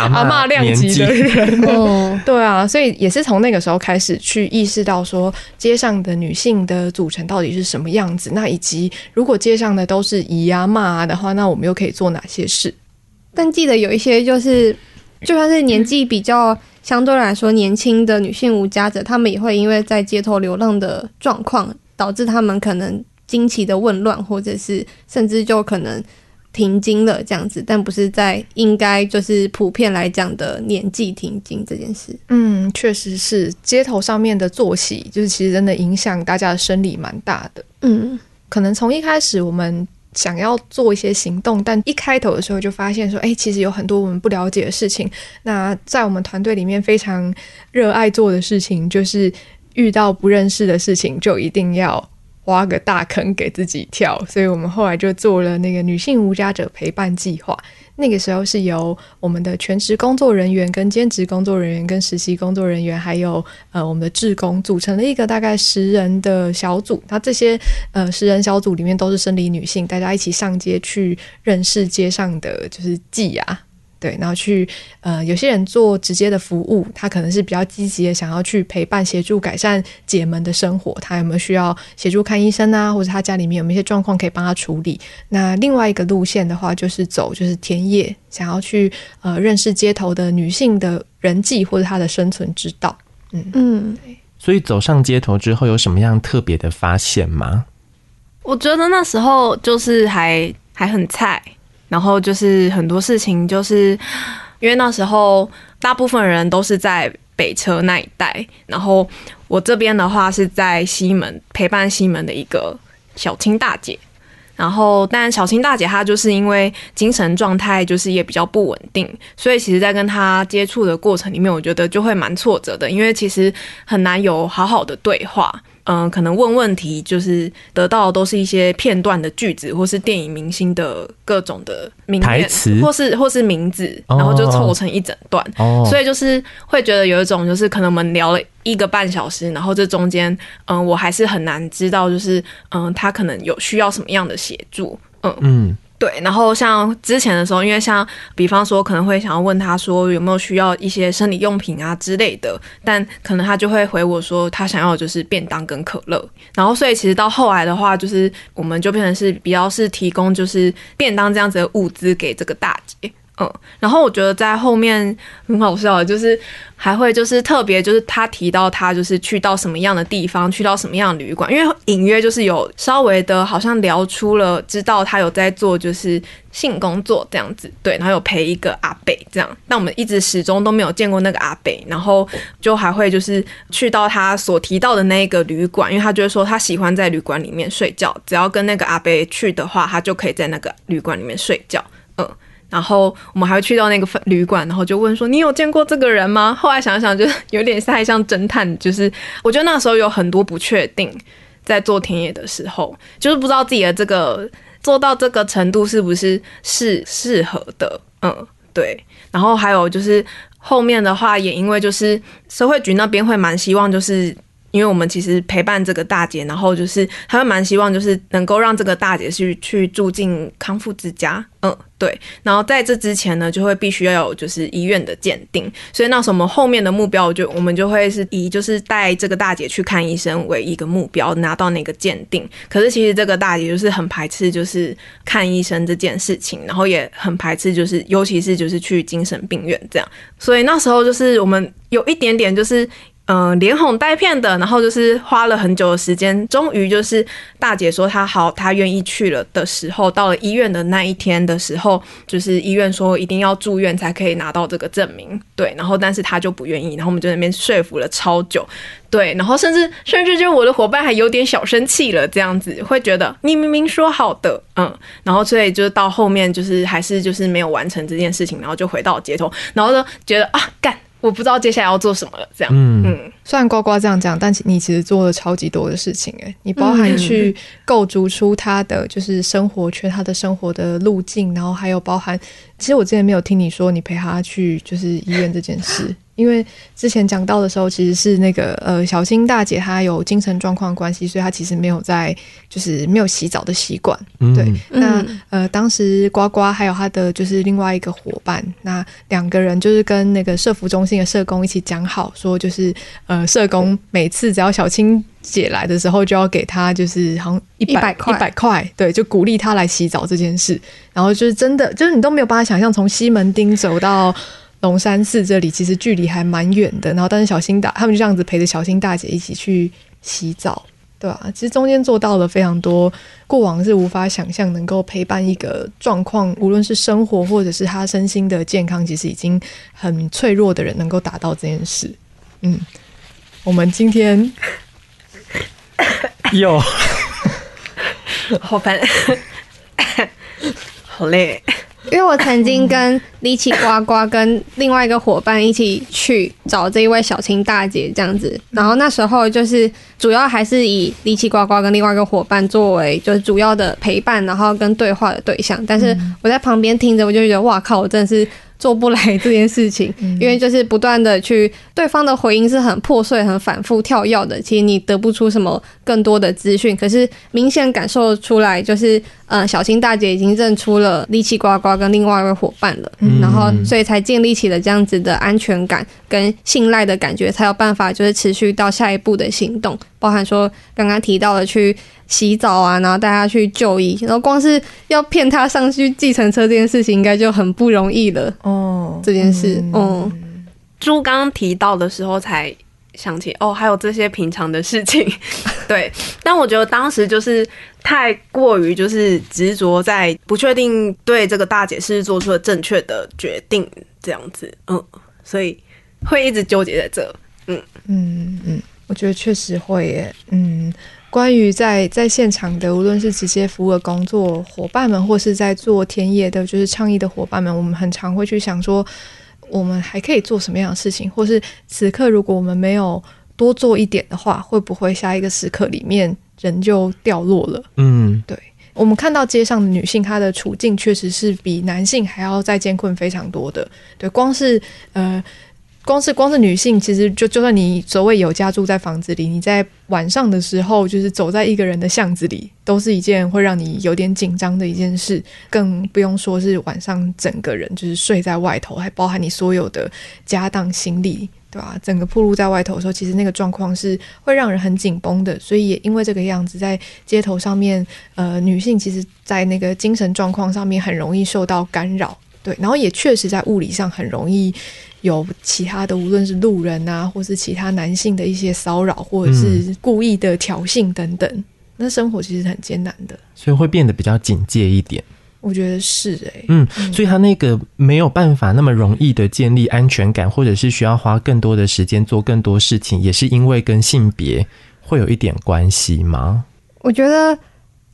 D: 阿嬤量級， 級的人、
C: 哦，對啊，所以也是從那個時候開始去意識到說，街上的女性的組成到底是什麼樣子，那以及如果街上的都是姨啊嬤的話，那我們又可以做哪些事？但記
B: 得有一些就是，就算是年紀比較。嗯嗯相對來說，年輕的女性無家者，她們也會因為在街頭流浪的狀況，導致她們可能經期的紊亂，或者是甚至就可能停經了這樣子，但不是在應該就是普遍來講的年紀停經這件事。
C: 嗯，確實是街頭上面的作息，就是其實真的影響大家的生理蠻大的。嗯，可能從一開始我們。想要做一些行動，但一開頭的時候就發現說，哎、欸，其實有很多我們不了解的事情。那在我們團隊裡面非常熱愛做的事情，就是遇到不認識的事情，就一定要挖個大坑給自己跳。所以我們後來就做了那個女性無家者陪伴計劃。那個時候是由我們的全職工作人員、跟兼職工作人員、跟實習工作人員，還有呃我們的志工，組成了一個大概十人的小組。那這些呃十人小組裡面都是生理女性，大家一起上街去認識街上的就是姐啊。對，然後去，呃，有些人做直接的服務，他可能是比較積極的，想要去陪伴、協助、改善姐們的生活。他有沒有需要協助看醫生啊？或者他家裡面有沒有一些狀況可以幫他處理？那另外一個路線的話，就是走，就是田野，想要去呃認識街頭的女性的人際或者她的生存之道。嗯嗯，
A: 對所以走上街頭之後有什麼樣特別的發現嗎？
C: 我覺得那時候就是還還很菜。然後就是很多事情，就是因為那時候大部分人都是在北車那一帶，然後我這邊的話是在西門，陪伴西門的一個小青大姐，然後但小青大姐她就是因為精神狀態就是也比較不穩定，所以其實在跟她接觸的過程裡面，我覺得就會蠻挫折的，因為其實很難有好好的對話。嗯，可能問問題就是得到的都是一些片段的句子，或是電影明星的各種的名片、台詞，或是或是名字，哦哦然後就湊成一整段。哦哦所以就是會覺得有一種就是可能我們聊了一個半小時，然後這中間嗯，我還是很難知道就是嗯，他可能有需要什麼樣的協助，嗯嗯。對，然後像之前的時候，因為像比方說可能會想要問他說有沒有需要一些生理用品啊之類的，但可能他就會回我說他想要的就是便當跟可樂，然後所以其實到後來的話，就是我們就變成是比較是提供就是便當這樣子的物資給這個大姐。嗯，然後我覺得在後面很好笑，就是還會就是特別就是他提到他就是去到什麼樣的地方，去到什麼樣的旅館，因為隱約就是有稍微的好像聊出了，知道他有在做就是性工作這樣子，對，然後有陪一個阿伯這樣，但我們一直始終都沒有見過那個阿伯，然後就還會就是去到他所提到的那個旅館，因為他就是說他喜歡在旅館裡面睡覺，只要跟那個阿伯去的話，他就可以在那個旅館裡面睡覺。然後我們還會去到那個旅館，然後就問說：“你有見過這個人嗎？”後來想想，就是有點太像偵探。就是我覺得那時候有很多不確定，在做田野的時候，就是不知道自己的這個做到這個程度是不是是適，適合的。嗯，對。然後還有就是後面的話，也因為就是社會局那邊會蠻希望，就是因為我們其實陪伴這個大姐，然後就是他們蠻希望，就是能夠讓這個大姐去去住進康復之家。嗯。對，然後在這之前呢，就會必須要有就是醫院的鑑定，所以那時候我們後面的目標我就我們就會是以就是帶這個大姐去看醫生為一個目標，拿到那個鑑定。可是其實這個大姐就是很排斥就是看醫生這件事情，然後也很排斥就是尤其是就是去精神病院這樣，所以那時候就是我們有一點點就是。嗯，連哄帶騙的，然後就是花了很久的時間，終於就是大姐說她好，她願意去了的時候，到了醫院的那一天的時候，就是醫院說一定要住院才可以拿到這個證明，對，然後但是她就不願意，然後我們就那邊說服了超久，對，然後甚至甚至就是我的夥伴還有點小生氣了，這樣子會覺得你明明說好的，嗯，然後所以就是到後面就是還是就是沒有完成這件事情，然後就回到了街頭，然後呢覺得啊幹。我不知道接下來要做什麼了，這樣。嗯，嗯雖然呱呱這樣講，但其你其實做了超級多的事情。欸，哎，你包含去構築出他的就是生活圈，嗯、他的生活的路徑，然後還有包含。其實我之前沒有聽你說你陪她去就是醫院這件事，因為之前講到的時候，其實是那個呃小青大姐她有精神狀況關係，所以她其實沒有在就是沒有洗澡的習慣。嗯、對，那呃當時呱呱還有她的就是另外一個夥伴，那兩個人就是跟那個社福中心的社工一起講好說，就是呃社工每次只要小青。姐來的時候就要給他，就是好像一百塊，一百塊，對，就鼓勵他來洗澡這件事。然後就是真的，就是你都沒有辦法想象從西門町走到龍山寺這裡，其實距離還蠻遠的。然後但是小新打他們就這樣子陪着小新大姐一起去洗澡，對啊，其實中間做到了非常多，過往是無法想象能夠陪伴一個狀況，無論是生活或者是他身心的健康，其實已經很脆弱的人能夠達到這件事。嗯，我們今天。喲，好煩，好累耶，因
B: 為我曾經跟李奇呱呱跟另外一個夥伴一起去找這一位小青大姐這樣子，然後那時候就是主要還是以李奇呱呱跟另外一個夥伴作為就是主要的陪伴，然後跟對話的對象，但是我在旁邊聽着，我就覺得哇靠，我真的是。做不來這件事情， 嗯、因為就是不斷的去，對方的回應是很破碎、很反覆、跳躍的，其實你得不出什麼。更多的資訊，可是明顯感受出來，就是呃，小青大姐已經認出了力氣呱呱跟另外一位夥伴了，嗯、然後所以才建立起了這樣子的安全感跟信賴的感覺，才有辦法就是持續到下一步的行動，包含說剛剛提到了去洗澡啊，然後帶她去就醫，然後光是要騙她上去計程車這件事情，應該就很不容易了哦。這件事，嗯，
C: 豬剛、嗯、提到的時候才。想起哦，還有這些平常的事情，對。 但我覺得當時就是太過於就是執着在不確定對這個大姐是做出了正確的決定這樣子，嗯，所以會一直糾結在這，嗯嗯嗯。我覺得確實會耶，嗯。關於在在現場的，無論是直接服務的工作夥伴們，或是在做田野的，就是倡議的夥伴們，我們很常會去想說。我們還可以做什麼樣的事情？或是此刻，如果我們沒有多做一點的話，會不會下一個時刻裡面人就掉落了？嗯，對，我們看到街上的女性，她的處境確實是比男性還要再艱困非常多的。對，光是呃。光是光是女性，其實就就算你所謂有家住在房子裡，你在晚上的時候，就是走在一個人的巷子裡，都是一件會讓你有點緊張的一件事。更不用說是晚上整個人就是睡在外頭，還包含你所有的家當行李，對吧？整個暴露在外頭的時候，其實那個狀況是會讓人很緊繃的。所以也因為這個樣子，在街頭上面，呃，女性其實，在那個精神狀況上面，很容易受到干擾。對，然後也確實在物理上很容易有其他的，無論是路人啊，或是其他男性的一些騷擾，或者是故意的挑釁等等。那、嗯、生活其實很艱難的，
A: 所以會變得比較警戒一點。
C: 我覺得是、欸，
A: 誒，嗯，嗯，所以他那個沒有辦法那麼容易的建立安全感，或者是需要花更多的時間做更多事情，也是因為跟性別會有一點關係嗎？
B: 我覺得。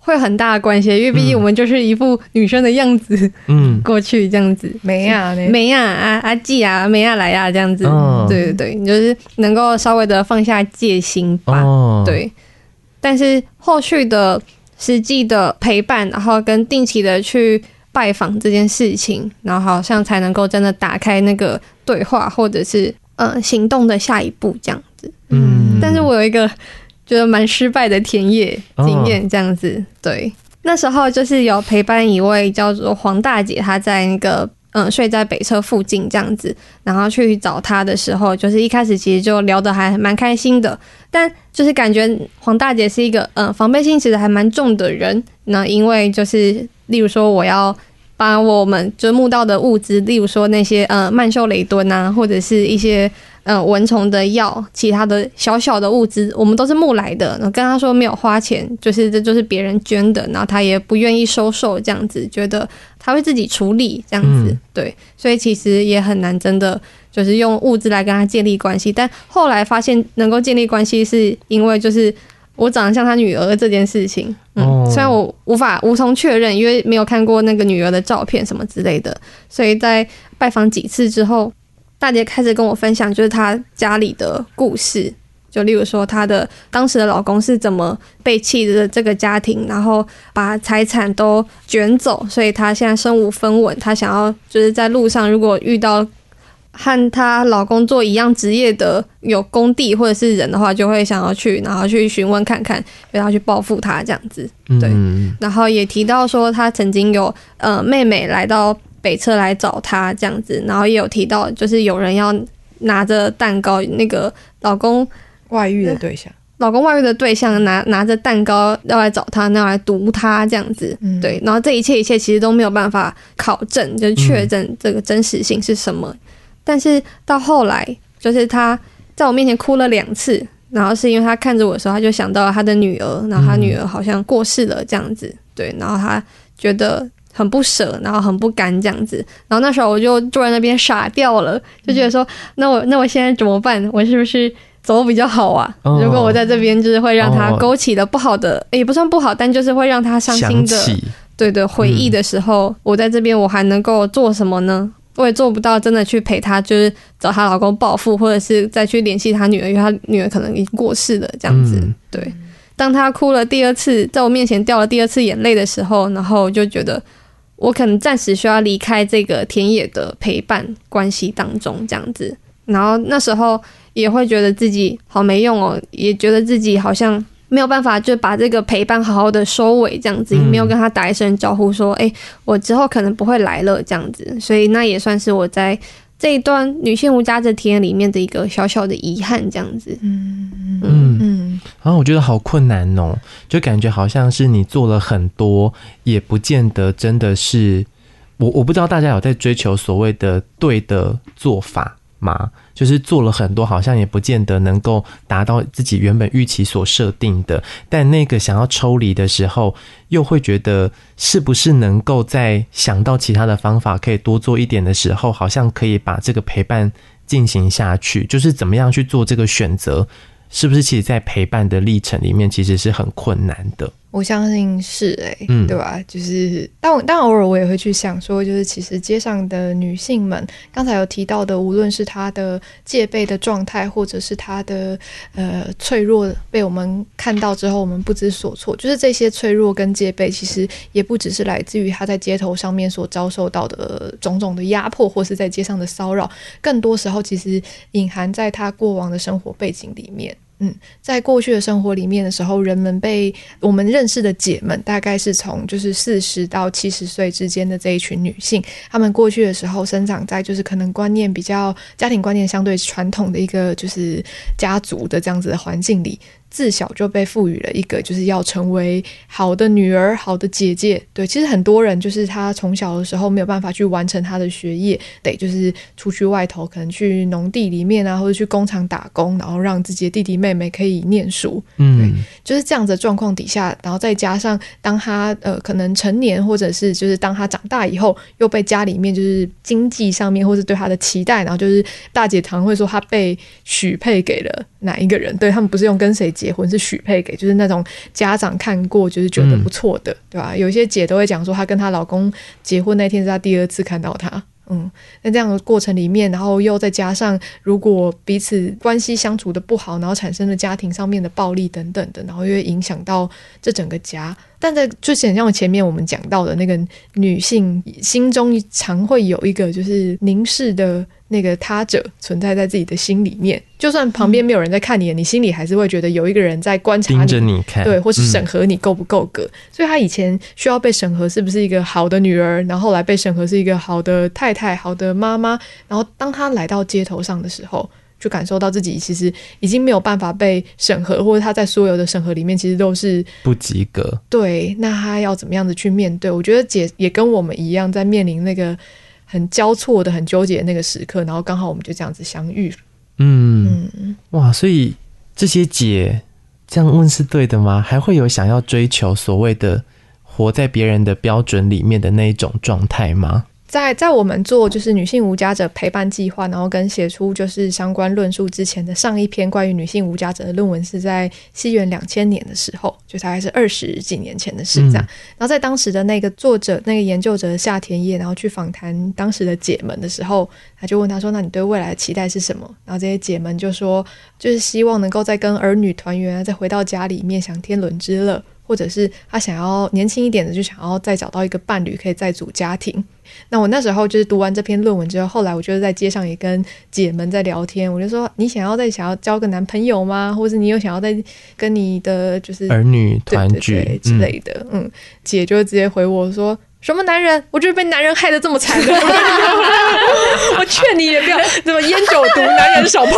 B: 會很大的關係，因為畢竟我們就是一副女生的樣子，嗯，過去這樣子，梅亞、嗯、梅亞、阿阿季啊、梅亞、啊、萊、啊、亞、啊啊啊、這樣子，對、哦、對對，你就是能夠稍微的放下戒心吧，哦、對。但是後續的實際的陪伴，然後跟定期的去拜訪這件事情，然後好像才能夠真的打開那個對話，或者是嗯、呃、行動的下一步這樣子，
D: 嗯。但
B: 是我有一個。覺得蠻失敗的田野經驗這樣子，oh. 對，那時候就是有陪伴一位叫做黃大姐，她在那個嗯睡在北車附近這樣子，然後去找她的時候，就是一開始其實就聊得還蠻開心的，但就是感覺黃大姐是一個嗯防備心其實還蠻重的人，那因為就是例如說我要把我們募到的物資，例如說那些嗯曼秀雷敦吶、啊，或者是一些。呃、嗯，蚊蟲的藥，其他的小小的物資，我們都是募來的。然後跟他說沒有花錢，就是這就是別人捐的。然後他也不願意收受這樣子，覺得他會自己處理這樣子，嗯、對。所以其實也很難真的就是用物資來跟他建立關係。但後來發現能夠建立關係，是因為就是我長得像他女兒這件事情。嗯，雖然、哦、我無法無從確認，因為沒有看過那個女兒的照片什麼之類的。所以在拜訪幾次之後。大姐開始跟我分享，就是她家裡的故事，就例如說她的當時的老公是怎麼被棄的這個家庭，然後把財產都卷走，所以她現在身無分文。她想要就是在路上，如果遇到和她老公做一樣職業的有工地或者是人的話，就會想要去，然後去詢問看看，然後去報復他這樣子。對，嗯嗯嗯，然後也提到說她曾經有呃妹妹來到，北側來找他這樣子，然後也有提到，就是有人要拿着蛋糕，那個老公外遇的對象，嗯、老公外遇的對象拿拿着蛋糕要來找他，要來毒他這樣子，嗯、對，然後這一切一切其實都沒有辦法考證，就是確認這個真實性是什麼。嗯、但是到後來，就是他在我面前哭了兩次，然後是因為他看着我的時候，他就想到了他的女兒，然後他女兒好像過世了這樣子，嗯、對，然後他覺得。很不舍，然後很不甘這樣子，然後那時候我就坐在那邊傻掉了，就覺得說，嗯、那我那我現在怎麼辦？我是不是走比較好啊？哦、如果我在這邊就是會讓他勾起的不好的，也、哦欸、不算不好，但就是會讓他傷心的，想起、對的回憶的時候，嗯、我在這邊我還能夠做什麼呢？我也做不到真的去陪他，就是找她老公報復，或者是再去聯繫她女兒，因為她女兒可能已經過世了這樣子。嗯、對，當她哭了第二次，在我面前掉了第二次眼淚的時候，然後就覺得。我可能暫時需要離開這個田野的陪伴關係當中，這樣子，然後那時候也會覺得自己好沒用哦，也覺得自己好像沒有辦法就把這個陪伴好好的收尾，這樣子，沒有跟他打一聲招呼說，欸，我之後可能不會來了這樣子，所以那也算是我在這一段女性無家者體驗裡面的一個小小的遺憾，這樣子。
A: 嗯嗯嗯嗯，然後、嗯啊、我覺得好困難哦，就感覺好像是你做了很多，也不見得真的是我，我不知道大家有在追求所謂的對的做法嗎？就是做了很多，好像也不見得能夠達到自己原本預期所設定的。但那個想要抽離的時候，又會覺得是不是能夠在想到其他的方法可以多做一點的時候，好像可以把這個陪伴進行下去。就是怎麼樣去做這個選擇，是不是其實，在陪伴的歷程裡面，其實是很困難的。
C: 我相信是誒、欸，啊、嗯，對吧？就是，但我但偶爾我也會去想說，就是其實街上的女性們，剛才有提到的，無論是她的戒備的狀態，或者是她的呃脆弱，被我們看到之後，我們不知所措。就是這些脆弱跟戒備，其實也不只是來自於她在街頭上面所遭受到的種種的壓迫，或是在街上的騷擾，更多時候其實隱含在她過往的生活背景裡面。嗯，在過去的生活裡面的時候，人們被我們認識的姐們，大概是從就是四十到七十歲之間的這一群女性，她們過去的時候生長在就是可能觀念比較家庭觀念相對傳統的一個就是家族的這樣子的環境裡。自小就被賦予了一個就是要成為好的女兒、好的姐姐。對，其實很多人就是他從小的時候沒有辦法去完成他的學業，得就是出去外頭，可能去農地裡面啊，或者去工廠打工，然後讓自己的弟弟妹妹可以念書。嗯，就是這樣子的狀況底下，然後再加上當他呃可能成年，或者是就是當他長大以後，又被家裡面就是經濟上面，或是對他的期待，然後就是大姐堂會說他被許配給了，哪一個人？對，他們不是用跟誰結婚，是許配給，就是那種家長看過，就是覺得不錯的，嗯、對吧、啊？有一些姐都會講說，她跟她老公結婚那天是她第二次看到他。嗯，那這樣的過程裡面，然後又再加上，如果彼此關係相處的不好，然後產生了家庭上面的暴力等等的，然後又會影響到這整個家。但在就想像，前面我們講到的那個女性，心中常會有一個就是凝視的那個他者存在在自己的心裡面，就算旁邊沒有人在看你，你心裡還是會覺得有一個人在觀察你，對，或是審核你夠不夠格。所以她以前需要被審核是不是一個好的女兒，然後後來被審核是一個好的太太、好的媽媽。然後當她來到街頭上的時候，就感受到自己其實已經沒有辦法被審核，或者他在所有的審核裡面其實都是
A: 不及格。
C: 對，那他要怎麼樣子去面對？我覺得姐也跟我們一樣，在面臨那個很交錯的、很糾結的那個時刻，然後剛好我們就這樣子相遇。
A: 嗯嗯，嗯哇！所以這些姐這樣問是對的嗎？還會有想要追求所謂的活在別人的標準裡面的那一種狀態嗎？
C: 在在我們做就是女性無家者陪伴計劃，然後跟寫出就是相關論述之前的上一篇關於女性無家者的論文，是在西元兩千年的時候，就大概是二十幾年前的事。這樣，嗯、然後在當時的那個作者、那個研究者夏田葉，然後去訪談當時的姐們的時候，他就問他說：“那你對未來的期待是什麼？”然後這些姐們就說：“就是希望能夠再跟兒女團圓，再回到家裡面享天倫之樂。”或者是他想要年輕一點的，就想要再找到一個伴侶，可以再組家庭。那我那時候就是讀完這篇論文之後，後來我就是在街上也跟姐們在聊天，我就說：“你想要再想要交個男朋友嗎？或是你有想要再跟你的就是兒女
A: 團聚之類
C: 的？”嗯，姐就直接回我說。什麼男人？我就是被男人害得這麼慘！ 我勸你也不要怎麼菸酒毒，男人少碰。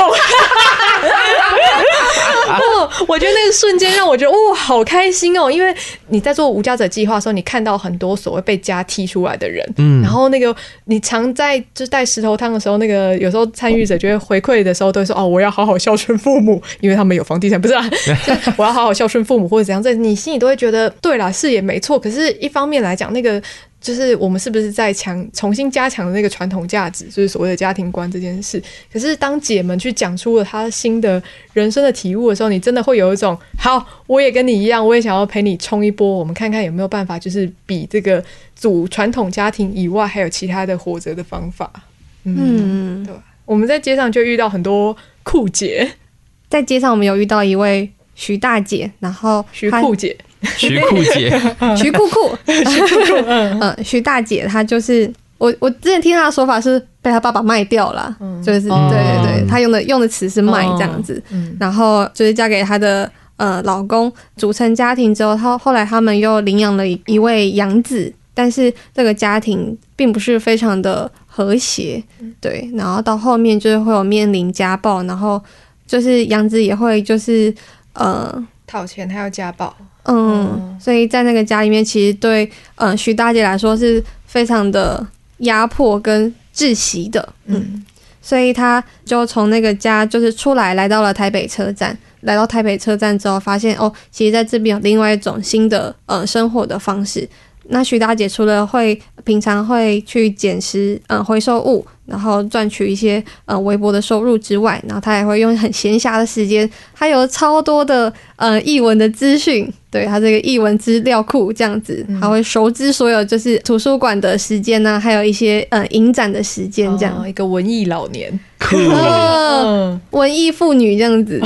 C: 哦，我覺得那個瞬間讓我覺得哦，好開心哦！因為你在做無家者計劃的時候，你看到很多所謂被家踢出來的人，嗯、然後那個你常在就帶石頭湯的時候，那個有時候參與者就會回饋的時候，哦、都會說哦，我要好好孝順父母，因為他們有房地產，不是啊， 我要好好孝順父母或者怎樣子？你心裡都會覺得對啦，是也沒錯。可是一方面來講，那個。就是我們是不是在強重新加強那個傳統價值，就是所謂的家庭觀這件事？可是當姐們去講出了她新的人生的體悟的時候，你真的會有一種，好，我也跟你一樣，我也想要陪你衝一波，我們看看有沒有辦法，就是比這個組傳統家庭以外還有其他的活着的方法。嗯，嗯對吧，我們在街上就遇到很多酷姐，在街上我們有遇
B: 到一位徐大姐，然後徐酷姐。
D: 徐
C: 酷姐， 徐酷酷，徐酷
B: 酷，嗯，徐大姐她就是我，我之前聽她的說法是被她爸爸賣掉了，嗯、就是對對對，她用的用的詞是賣這樣子，嗯嗯、然後就是嫁給她的呃老公組成家庭之後，她後來他們又領養了一一位養子，但是這個家庭並不是非常的和諧，對，然後到後面就是會有面臨家暴，然後就是養子也會就是呃
C: 討錢還要家暴。
B: 嗯，嗯，所以在那個家裡面，其實對呃徐大姐來說是非常的壓迫跟窒息的。嗯，嗯，所以她就從那個家就是出來，來到了台北車站。來到台北車站之後，發現哦，其實在這邊有另外一種新的呃生活的方式。那徐大姐除了會平常會去撿拾呃回收物，然後賺取一些呃微薄的收入之外，然後她也會用很閒暇的時間，她有超多的呃藝文的資訊。對他這個藝文資料庫這樣子，他、嗯、會熟知所有就是圖書館的時間吶、啊，還有一些嗯影展的時間這樣、哦。一
C: 個文藝老年，
D: 酷、
B: 呃
C: 嗯、文
B: 藝婦女這樣
D: 子。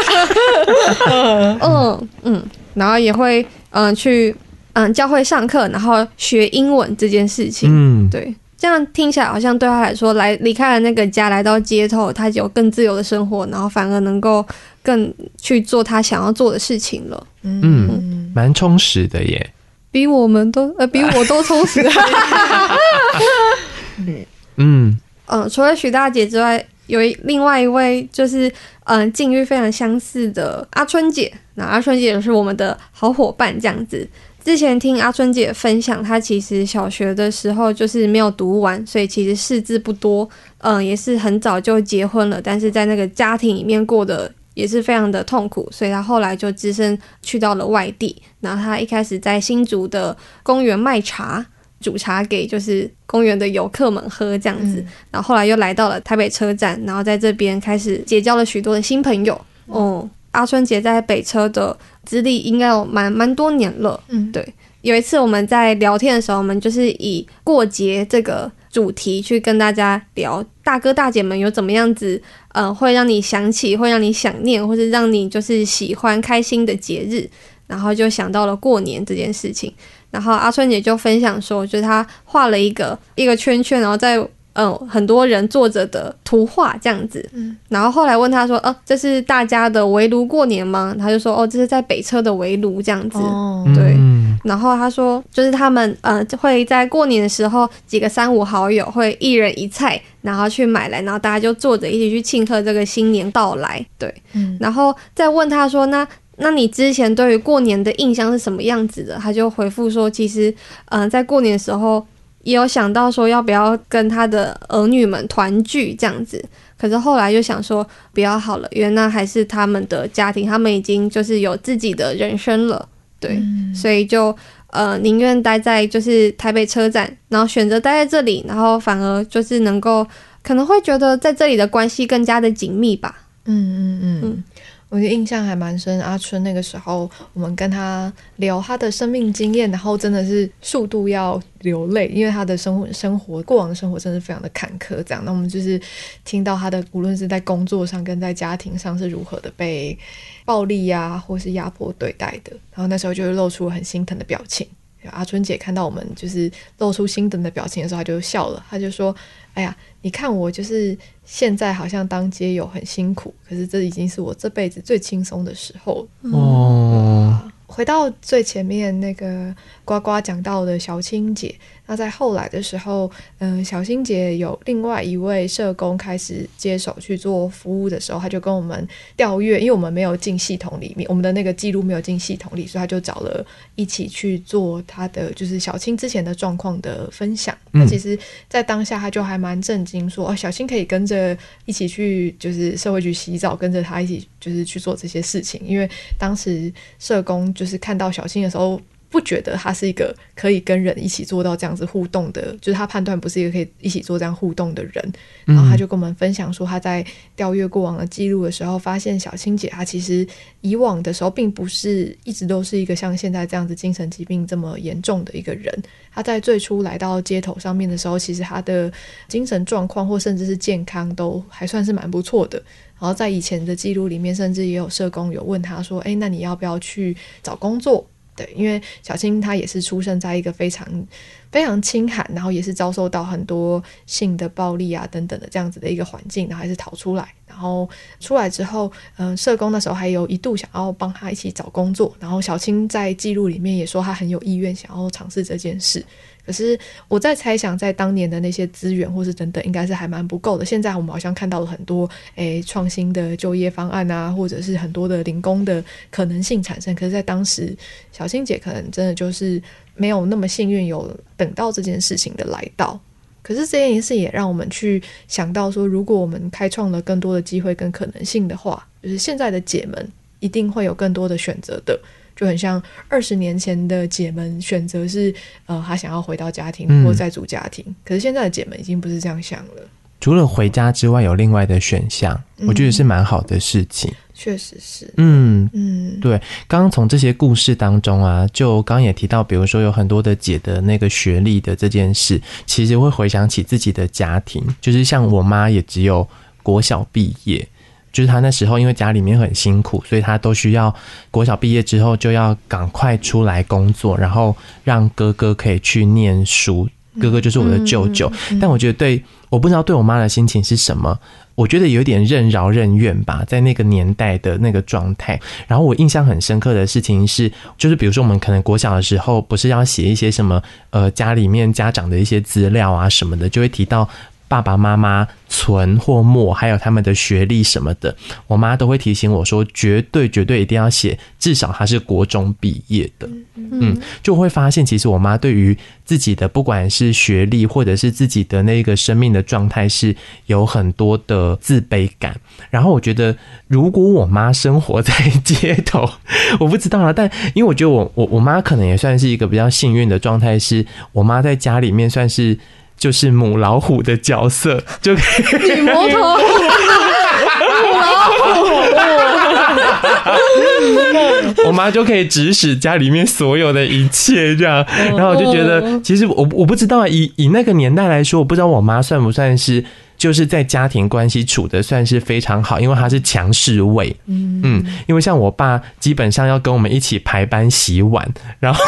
B: 嗯嗯，然後也會嗯、呃、去嗯、呃、教會上課，然後學英文這件事情。嗯，對，這樣聽起來好像對他來說，來離開了那個家，來到街頭，他有更自由的生活，然後反而能夠。更去做他想要做的事情了，
A: 嗯，蠻、嗯、充實的耶，
B: 比我們都呃比我都充實的，
A: 嗯
B: 嗯嗯、呃，除了徐大姐之外，有一另外一位就是嗯、呃、境遇非常相似的阿春姐，那阿春姐也是我們的好夥伴，這樣子。之前聽阿春姐分享，她其實小學的時候就是沒有讀完，所以其實識字不多，嗯、呃，也是很早就結婚了，但是在那個家庭裡面過的。也是非常的痛苦，所以他後來就只身去到了外地。然後他一開始在新竹的公園賣茶，煮茶給就是公園的遊客們喝這樣子。嗯、然後後來又來到了台北車站，然後在這邊開始結交了許多的新朋友。哦，哦，阿春姐在北車的資歷應該有蠻蠻多年了。嗯，對。有一次我們在聊天的時候，我們就是以過節這個。主題去跟大家聊，大哥大姐們有怎麼樣子，嗯、呃，會讓你想起，會讓你想念，或是讓你就是喜歡開心的節日，然後就想到了過年這件事情。然後阿春姐就分享說，就是她畫了一個一個圈圈，然後在嗯、呃、很多人坐着的圖畫這樣子。然後後來問她說，哦、呃，這是大家的圍爐過年嗎？她就說，哦，這是在北車的圍爐這樣子。哦、對。嗯然後他說，就是他們呃會在過年的時候，幾個三五好友會一人一菜，然後去買來，然後大家就坐着一起去慶賀這個新年到來。對，嗯，然後再問他說，那那你之前對於過年的印象是什麼樣子的？他就回復說，其實嗯、呃，在過年的時候也有想到說要不要跟他的兒女們團聚這樣子，可是後來就想說不要好了，因為那還是他們的家庭，他們已經就是有自己的人生了。對，所以就呃寧願待在就是台北車站，然後選擇待在這裡，然後反而就是能夠可能會覺得在這裡的關係更加的緊密吧。嗯嗯
D: 嗯。嗯
C: 我覺得印象還蠻深，阿春那個時候，我們跟他聊他的生命經驗，然後真的是數度要流淚，因為他的生活生活過往的生活真的非常的坎坷。這樣，那我們就是聽到他的無論是在工作上跟在家庭上是如何的被暴力呀、啊、或是壓迫對待的，然後那時候就會露出很心疼的表情。阿春姐看到我們就是露出心疼的表情的時候，她就笑了。她就說：“哎呀，你看我就是現在好像當街友很辛苦，可是這已經是我這輩子最輕鬆的時候了。哦、
D: 嗯嗯，
C: 回到最前面那個呱呱講到的小青姐。那在後來的時候，嗯，小青姐有另外一位社工開始接手去做服務的時候，他就跟我們調閱，因為我們沒有進系統裡面，我們的那個記錄沒有進系統裡，所以他就找了一起去做他的就是小青之前的狀況的分享。她、嗯、其實，在當下他就還蠻震驚，說哦，小青可以跟着一起去就是社會局洗澡，跟着他一起就是去做這些事情，因為當時社工就是看到小青的時候。不覺得他是一個可以跟人一起做到這樣子互動的，就是他判斷不是一個可以一起做這樣互動的人。
D: 嗯。然後他就跟
C: 我們分享說，他在調閱過往的記錄的時候，發現小青姐她其實以往的時候並不是一直都是一個像現在這樣子精神疾病這麼嚴重的一個人。她在最初來到街頭上面的時候，其實她的精神狀況或甚至是健康都還算是蠻不錯的。然後在以前的記錄裡面，甚至也有社工有問他說：“誒、欸，那你要不要去找工作？”對，因為小青她也是出生在一個非常、非常清寒，然後也是遭受到很多性的暴力啊等等的這樣子的一個環境，然後還是逃出來，然後出來之後，嗯，社工那時候還有一度想要幫她一起找工作，然後小青在記錄裡面也說她很有意願想要嘗試這件事。可是我在猜想，在當年的那些資源或是等等，應該是還蠻不夠的。現在我們好像看到了很多誒創新的就業方案啊，或者是很多的零工的可能性產生。可是，在當時，小青姐可能真的就是沒有那麼幸運，有等到這件事情的來到。可是這件事也讓我們去想到說，如果我們開創了更多的機會跟可能性的話，就是現在的姐們一定會有更多的選擇的。就很像二十年前的姐們選擇是，呃，她想要回到家庭或再組家庭，嗯、可是現在的姐們已經不是這樣想了。
A: 除了回家之外，有另外的選項，嗯、我覺得是蠻好的事情。
C: 確實是，
A: 嗯嗯，嗯對。剛剛從這些故事當中啊，就剛也提到，比如說有很多的姐的那個學歷的這件事，其實會回想起自己的家庭，就是像我媽也只有國小畢業。就是他那時候，因為家裡面很辛苦，所以他都需要國小畢業之後就要趕快出來工作，然後讓哥哥可以去念書。哥哥就是我的舅舅。嗯、但我覺得對，我不知道對我媽的心情是什麼，我覺得有點任勞任怨吧，在那個年代的那個狀態。然後我印象很深刻的事情是，就是比如說我們可能國小的時候，不是要寫一些什麼呃家裡面家長的一些資料啊什麼的，就會提到，爸爸媽媽存或沒，還有他們的學歷什麼的，我媽都會提醒我說，絕對絕對一定要寫，至少她是國中畢業的。嗯，就會發現，其實我媽對於自己的不管是學歷或者是自己的那個生命的狀態，是有很多的自卑感。然後我覺得，如果我媽生活在街頭，我不知道了。但因為我覺得我，我我我媽可能也算是一個比較幸運的狀態，是我媽在家裡面算是。就是母老虎的角色，就可以女魔頭， 母老虎， 我媽就可以指使家裡面所有的一切這樣，然後我就覺得，其實我我不知道，以以那個年代來說，我不知道我媽算不算是。就是在家庭關係處得算是非常好，因為他是強勢位，嗯，嗯，因為像我爸基本上要跟我們一起排班洗碗，然後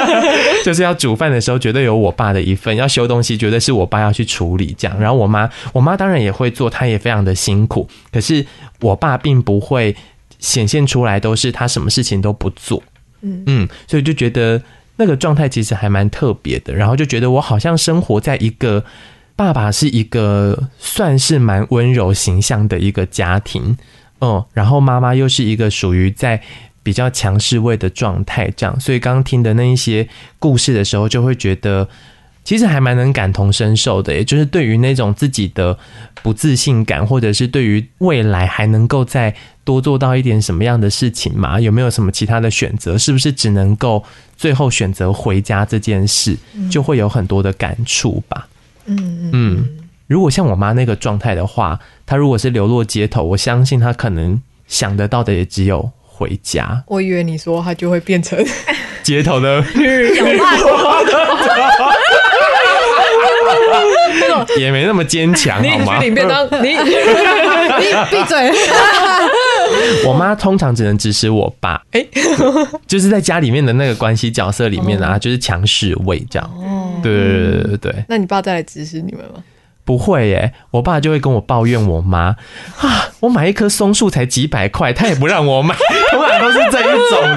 A: 就是要煮飯的時候絕對有我爸的一份，要修東西絕對是我爸要去處理這樣，然後我媽我媽當然也會做，她也非常的辛苦，可是我爸並不會顯現出來，都是他什麼事情都不做，嗯，嗯，所以就覺得那個狀態其實還蠻特別的，然後就覺得我好像生活在一個。爸爸是一個算是蠻溫柔形象的一個家庭，哦、嗯，然後媽媽又是一個屬於在比較強勢位的狀態，這樣，所以剛聽的那一些故事的時候，就會覺得其實還蠻能感同身受的，也就是對於那種自己的不自信感，或者是對於未來還能夠再多做到一點什麼樣的事情嘛，有沒有什麼其他的選擇？是不是只能夠最後選擇回家這件事，就會有很多的感觸吧。嗯嗯，嗯，如果像我媽那個狀態的話，她如果是流落街頭，我相信她可能想得到的也只有回家。
C: 我以為你說她就會變成
A: 街頭的女人也沒那麼堅強，嗯，好嗎？你你你，你，你，你閉嘴。嗯 我媽通常只能指使我爸，哎、欸，就是在家裡面的那個關係角色裡面啊，就是強勢位這樣。哦，對對對，對。
C: 那你爸再來指使你們嗎？
A: 不會耶，欸，我爸就會跟我抱怨我媽啊，我買一棵松樹才幾百塊，他也不讓我買， 通常都是這一種的。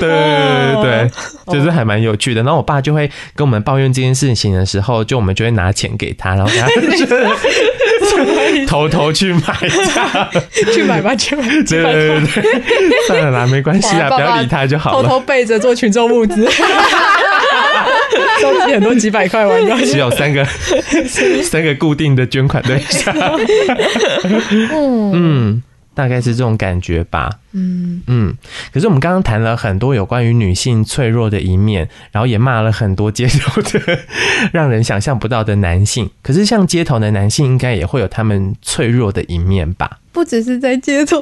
A: 對對對對對，就是還蠻有趣的。然後我爸就會跟我們抱怨這件事情的時候，就我們就會拿錢給他，然後他、就是。 偷偷去買它， 去買吧，去買。對對對算了啦，沒關係啊，爸爸不要理他就好了。偷
C: 偷背着做群眾募資，收 集 很
A: 多幾百塊，玩關只需要三個，三個固定的捐款對象。 嗯。大概是這種感覺吧。嗯嗯，可是我們剛剛談了很多有關於女性脆弱的一面，然後也罵了很多街頭的、讓人想象不到的男性。可是像街頭的男性，應該也會有他們脆弱的一面吧？
B: 不只是在街頭，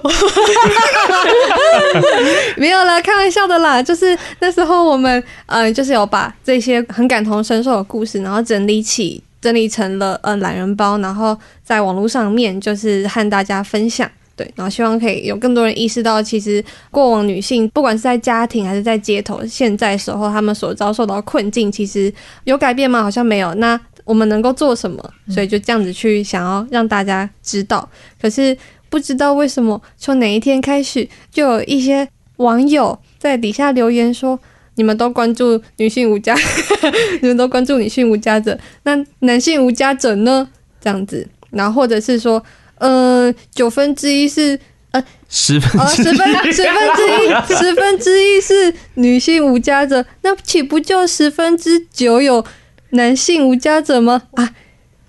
B: 沒有了，開玩笑的啦。就是那時候我們嗯、呃，就是有把這些很感同身受的故事，然後整理起，整理成了呃懶人包，然後在網絡上面就是和大家分享。對，然後希望可以有更多人意識到，其實過往女性，不管是在家庭還是在街頭，現在時候她們所遭受到困境，其實有改變嗎？好像沒有。那我們能夠做什麼？所以就這樣子去想要讓大家知道。嗯、可是不知道為什麼，從哪一天開始，就有一些網友在底下留言說：“你們都關注女性無家， 你們都關注女性無家者，那男性無家者呢？”這樣子，然後或者是說。呃，九分之一是呃，十分之十分十分之一，十分之一是女性無家者，那豈不就十分之九有男性無家者嗎？啊，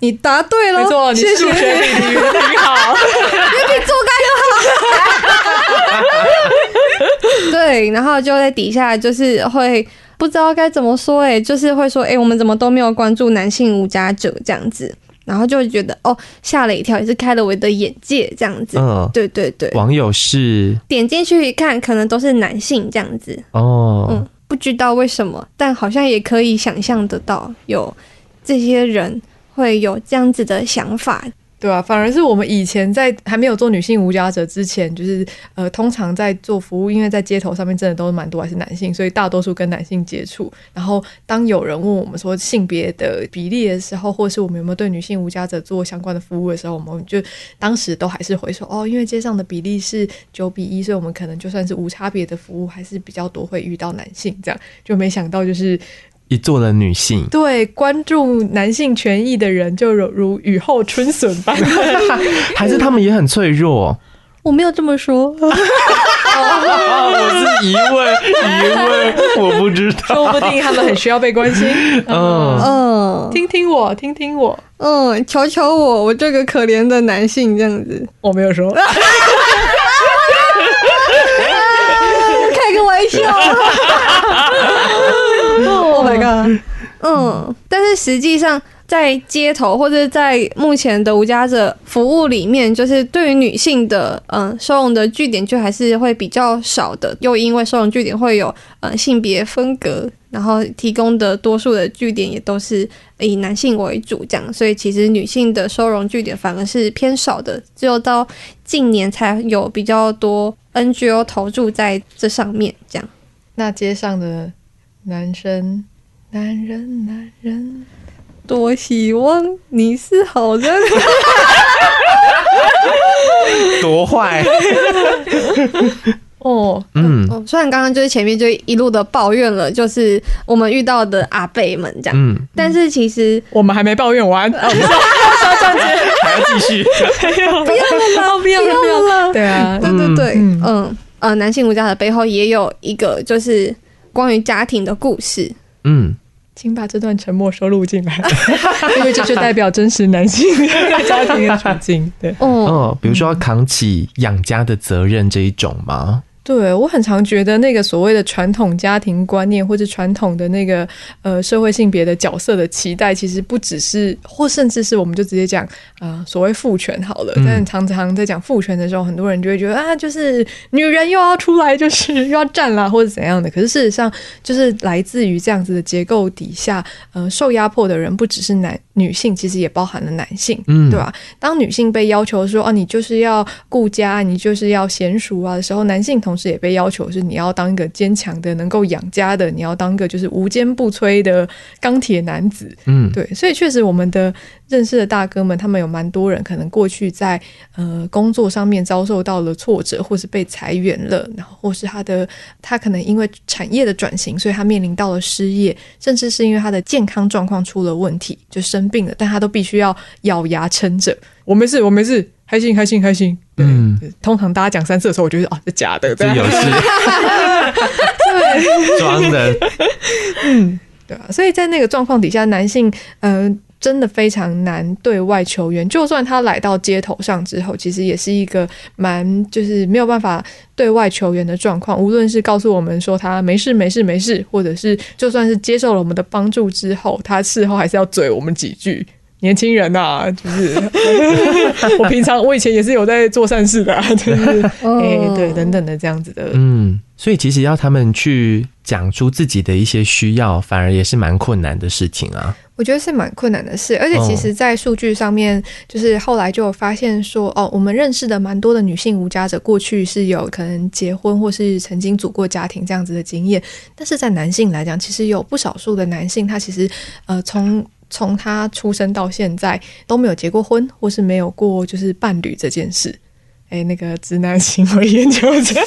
B: 你答對了，沒錯，你數學水
D: 平謝好， 你做該就好。
B: 對，然後就在底下就是會不知道該怎麼說，哎，就是會說，哎、欸，我們怎麼都沒有關注男性無家者這樣子。然後就覺得哦，嚇了一跳，也是開了我的眼界，這樣子。嗯，對對對。
A: 網友是
B: 點進去一看，可能都是男性這樣子。
A: 哦，嗯，
B: 不知道為什麼，但好像
C: 也可以想象得到，有這些人會有這樣子的想法。對啊，反而是我們以前在還沒有做女性無家者之前，就是呃，通常在做服務，因為在街頭上面真的都蠻多還是男性，所以大多數跟男性接觸。然後當有人問我們說性別的比例的時候，或是我們有沒有對女性無家者做相關的服務的時候，我們就當時都還是回說哦，因為街上的比例是九比一，所以我們可能就算是無差別的服務，還是比較多會遇到男性這樣。就沒想到就是。
A: 也做了女性，
C: 對，關注男性權益的人，就如雨後春筍般。
A: 還是他們也很脆弱？
C: 我沒有這麼說，
B: 我是
A: 疑問疑問， 我不知道，說不定他們很
B: 需
C: 要被關心。嗯嗯，嗯聽
B: 聽我，聽聽我，嗯，瞧瞧我，我這個可憐的男性這樣子，我沒有說， 啊、
D: 開個玩笑。 個
B: 嗯， 嗯，但是實際上在街頭或者在目前的無家者服務裡面，就是對於女性的嗯收容的據點就還是會比較少的。又因為收容據點會有嗯性別分隔，然後提供的多數的據點也都是以男性為主，這樣，所以其實女性的收容據點反而是偏少的。只有到近年才有比較多 NGO 投注在這上面，這樣。那街上的
C: 男生。男
B: 人，男人，多希望你是好人，
D: 多壞。
B: 哦，
A: 嗯，
B: 雖然剛剛就是前面就一路的抱怨了，就是我們遇到的阿伯們，這樣，但是其實我們還沒抱怨完，還要還
D: 要上去，還要繼續，要不要不要不要了，對啊，對對對，
B: 嗯，呃，男性無家的背後也有一個就是關於家庭的故事。
C: 嗯，請把這段沉默收錄進來， 因為這就代表真實男性家庭的
A: 處境。對，嗯、哦，比如說要扛起養家的責任這一種嗎？
C: 對，我很常覺得那個所謂的傳統家庭觀念，或者傳統的那個呃社會性別的角色的期待，其實不只是，或甚至是我們就直接講啊、呃、所謂父權好了。嗯、但常常在講父權的時候，很多人就會覺得啊，就是女人又要出來，就是又要戰了，或者怎樣的。可是事實上，就是來自於這樣子的結構底下，呃，受壓迫的人不只是男。女性其實也包含了男性，嗯，對吧？當女性被要求說“啊，你就是要顧家，你就是要賢淑啊”的時候，男性同時也被要求是你要當一個堅強的、能夠養家的，你要當個就是無堅不摧的鋼鐵男子，嗯，對。所以確實，我們的認識的大哥們，他們有蠻多人，可能過去在呃工作上面遭受到了挫折，或是被裁員了，然後或是他的他可能因為產業的轉型，所以他面臨到了失業，甚至是因為他的健康狀況出了問題，就生病了，但他都必須要咬牙撐着。我沒事，我沒事，開心，開心，開心。嗯，通常大家講三次的時候我就，我覺得啊，
A: 是假的，真的有事， 對，裝的。嗯，
C: 對啊，所以在那個狀況底下，男性，嗯、呃真的非常難對外求援，就算他來到街頭上之後，其實也是一個蠻就是沒有辦法對外求援的狀況。無論是告訴我們說他沒事沒事沒事，或者是就算是接受了我們的幫助之後，他事後還是要嘴我們幾句。年輕人吶、啊，就是 我平常我以前也是有在做善事的、啊，就是哎、oh. 欸、對等等的這樣子的，嗯。Mm.
A: 所以，其實要他們去講出自己的一些需要，反而也是蠻困難的事情啊。
C: 我覺得是蠻困難的事，而且其實，在數據上面，哦、就是後來就有發現說，哦，我們認識的蠻多的女性無家者，過去是有可能結婚或是曾經組過家庭這樣子的經驗。但是在男性來講，其實有不少數的男性，他其實呃，從從他出生到現在都沒有結過婚，或是沒有過就是伴侶這件事。誒，那個直男行為研究者，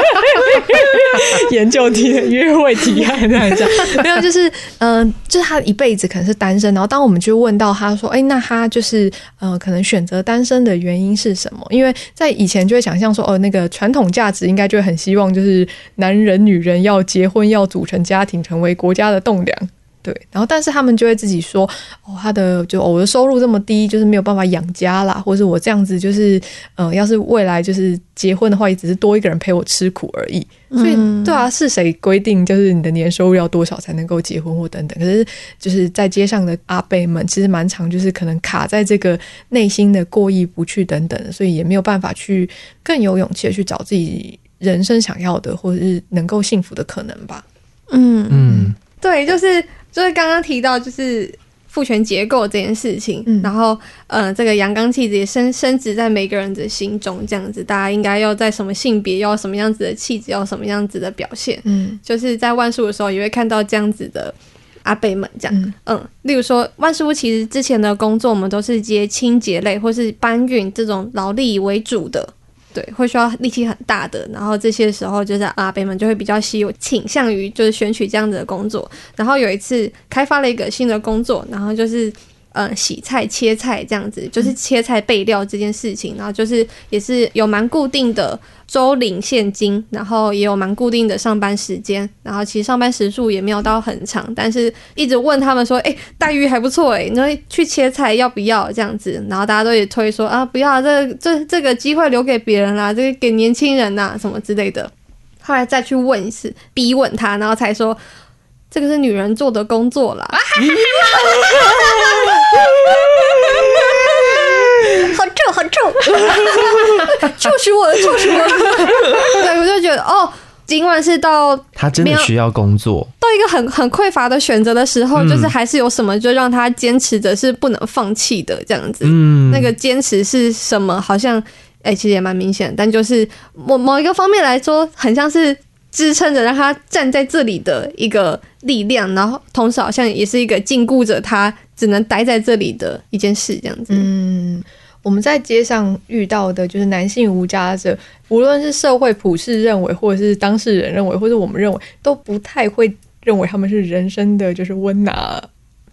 A: 研究體驗替 約會體驗那樣講沒有， 就
C: 是，嗯、呃，就是他一輩子可能是單身，然後當我們去問到他說，哎，那他就是，呃，可能選擇單身的原因是什麼？因為在以前就會想象說，哦，那個傳統價值應該就很希望，就是男人女人要結婚，要組成家庭，成為國家的棟梁。對，然後但是他們就會自己說，哦，他的就、哦、我的收入這麼低，就是沒有辦法養家啦，或是我這樣子就是，嗯、呃，要是未來就是結婚的話，也只是多一個人陪我吃苦而已。所以，嗯、對啊，是誰規定就是你的年收入要多少才能夠結婚或等等？可是就是在街上的阿伯們，其實蠻常，就是可能卡在這個內心的過意不去等等，所以也沒有辦法去更有勇氣的去找自己人生想要的或者是能夠幸福的可能吧。嗯嗯，對，就是。
B: 就是剛剛提到，就是父權結構這件事情，嗯、然後，呃，這個陽剛氣質也深深植在每個人的心中，這樣子。大家應該要在什麼性別，要什麼樣子的氣質，要什麼樣子的表現，嗯，就是在萬事屋的時候也會看到這樣子的阿北們這樣，嗯、嗯，例如說萬事屋其實之前的工作，我們都是接清潔類或是搬運這種勞力為主的。對，會需要力氣很大的，然後這些時候就是阿北們就會比較稀有，傾向於就是選取這樣子的工作。然後有一次開發了一個新的工作，然後就是。嗯，洗菜、切菜這樣子，就是切菜備料這件事情，嗯、然後就是也是有蠻固定的周領現金，然後也有蠻固定的上班時間，然後其實上班時數也沒有到很長，但是一直問他們說，誒、欸，待遇還不錯哎，你去切菜要不要這樣子？然後大家都也推說啊，不要，這個、這這個機會留給別人啦，這個給年輕人吶，什麼之類的。後來再去問一次，逼問他，然後才說。這個是女人做的工作啦，
C: 好臭好臭，就是 我就是我的。 對，
B: 我就覺得哦，儘管是到他真的需
A: 要工作，
B: 到一個很很匱乏的選擇的時候，嗯、就是還是有什麼就讓他堅持着是不能放棄的這樣子。嗯，那個堅持是什麼？好像誒其實也蠻明顯，但就是某某一個方面來說，很像是。支撐着讓他站在這裡的一個力量，然後同時好像也是一個禁錮着他只能待在這裡的一件事，這樣子。
D: 嗯，
C: 我們在街上遇到的就是男性無家者，無論是社會普世認為，或者是當事人認為，或者我們認為，都不太會認為他們是人生的就是溫拿。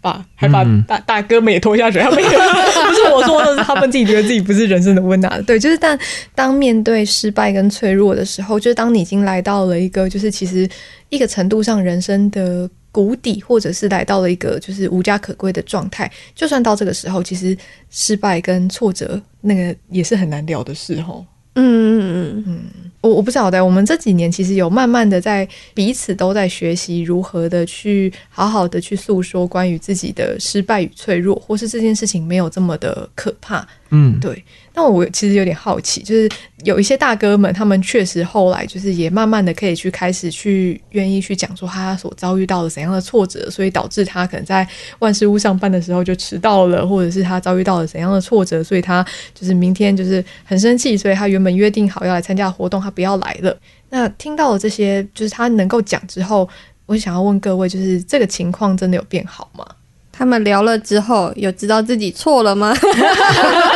C: 把、啊、還把大大哥們也拖下水，他們 不是我說的是，是 他們自己覺得自己不是人生的 winner，啊、對，就是但當面對失敗跟脆弱的時候，就是當你已經來到了一個，就是其實一個程度上人生的谷底，或者是來到了一個就是無家可歸的狀態，就算到這個時候，其實失敗跟挫折那個也是很難聊的事哈。嗯嗯嗯嗯。嗯我，我不曉得，我們這幾年其實有慢慢的在彼此都在學習如何的去好好的去訴說關於自己的失敗與脆弱，或是這件事情沒有這麼的可怕。嗯，對。那我其實有點好奇，就是有一些大哥們，他們確實後來就是也慢慢的可以去開始去願意去講說他所遭遇到了怎樣的挫折，所以導致他可能在萬事屋上班的時候就遲到了，或者是他遭遇到了怎樣的挫折，所以他就是明天就是很生氣，所以他原本約定好要來參加活動，他不要來了。那聽到了這些，就是他能夠講之後，我想要問各位，就是這個情況真的有變好嗎？他們聊了之後，有知道自
B: 己錯了嗎？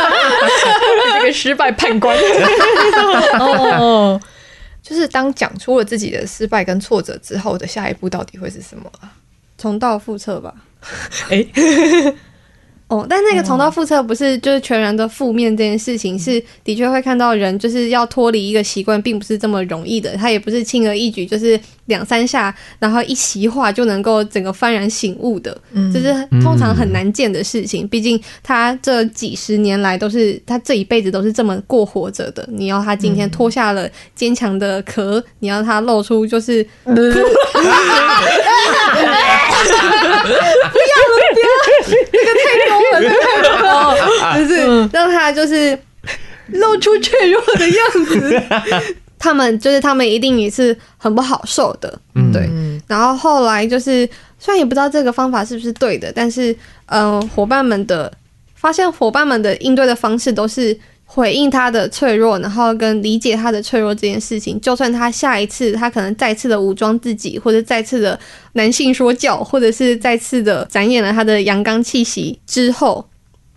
C: 這個失敗判官。哦，就是當講出了自己的失敗跟挫折之後的下一步到底會是什麼啊？重
B: 蹈覆轍吧、欸？哎， 哦，但那個重蹈覆轍不是就是全然的負面這件事情，嗯、是的確會看到人就是要脫離一個習慣，並不是這麼容易的，他也不是輕而易舉，就是。兩三下，然後一席話就能夠整個幡然醒悟的，就、嗯、是通常很難見的事情。畢、嗯、竟他這幾十年來都是他這一輩子都是這麼過活着的，你要他今天脫下了堅強的殼，嗯、你要他露出就是，不要
D: 了，不要，那 個太多了， 太多了、哦，就是
B: 讓他就是露出脆弱的樣子。嗯 他們就是他們一定也是很不好受的，對。然後後來就是，雖然也不知道這個方法是不是對的，但是，嗯，夥伴們的發現，夥伴們的應對的方式都是回應他的脆弱，然後跟理解他的脆弱這件事情。就算他下一次他可能再次的武裝自己，或者再次的男性說教，或者是再次的展演了他的陽剛氣息之後，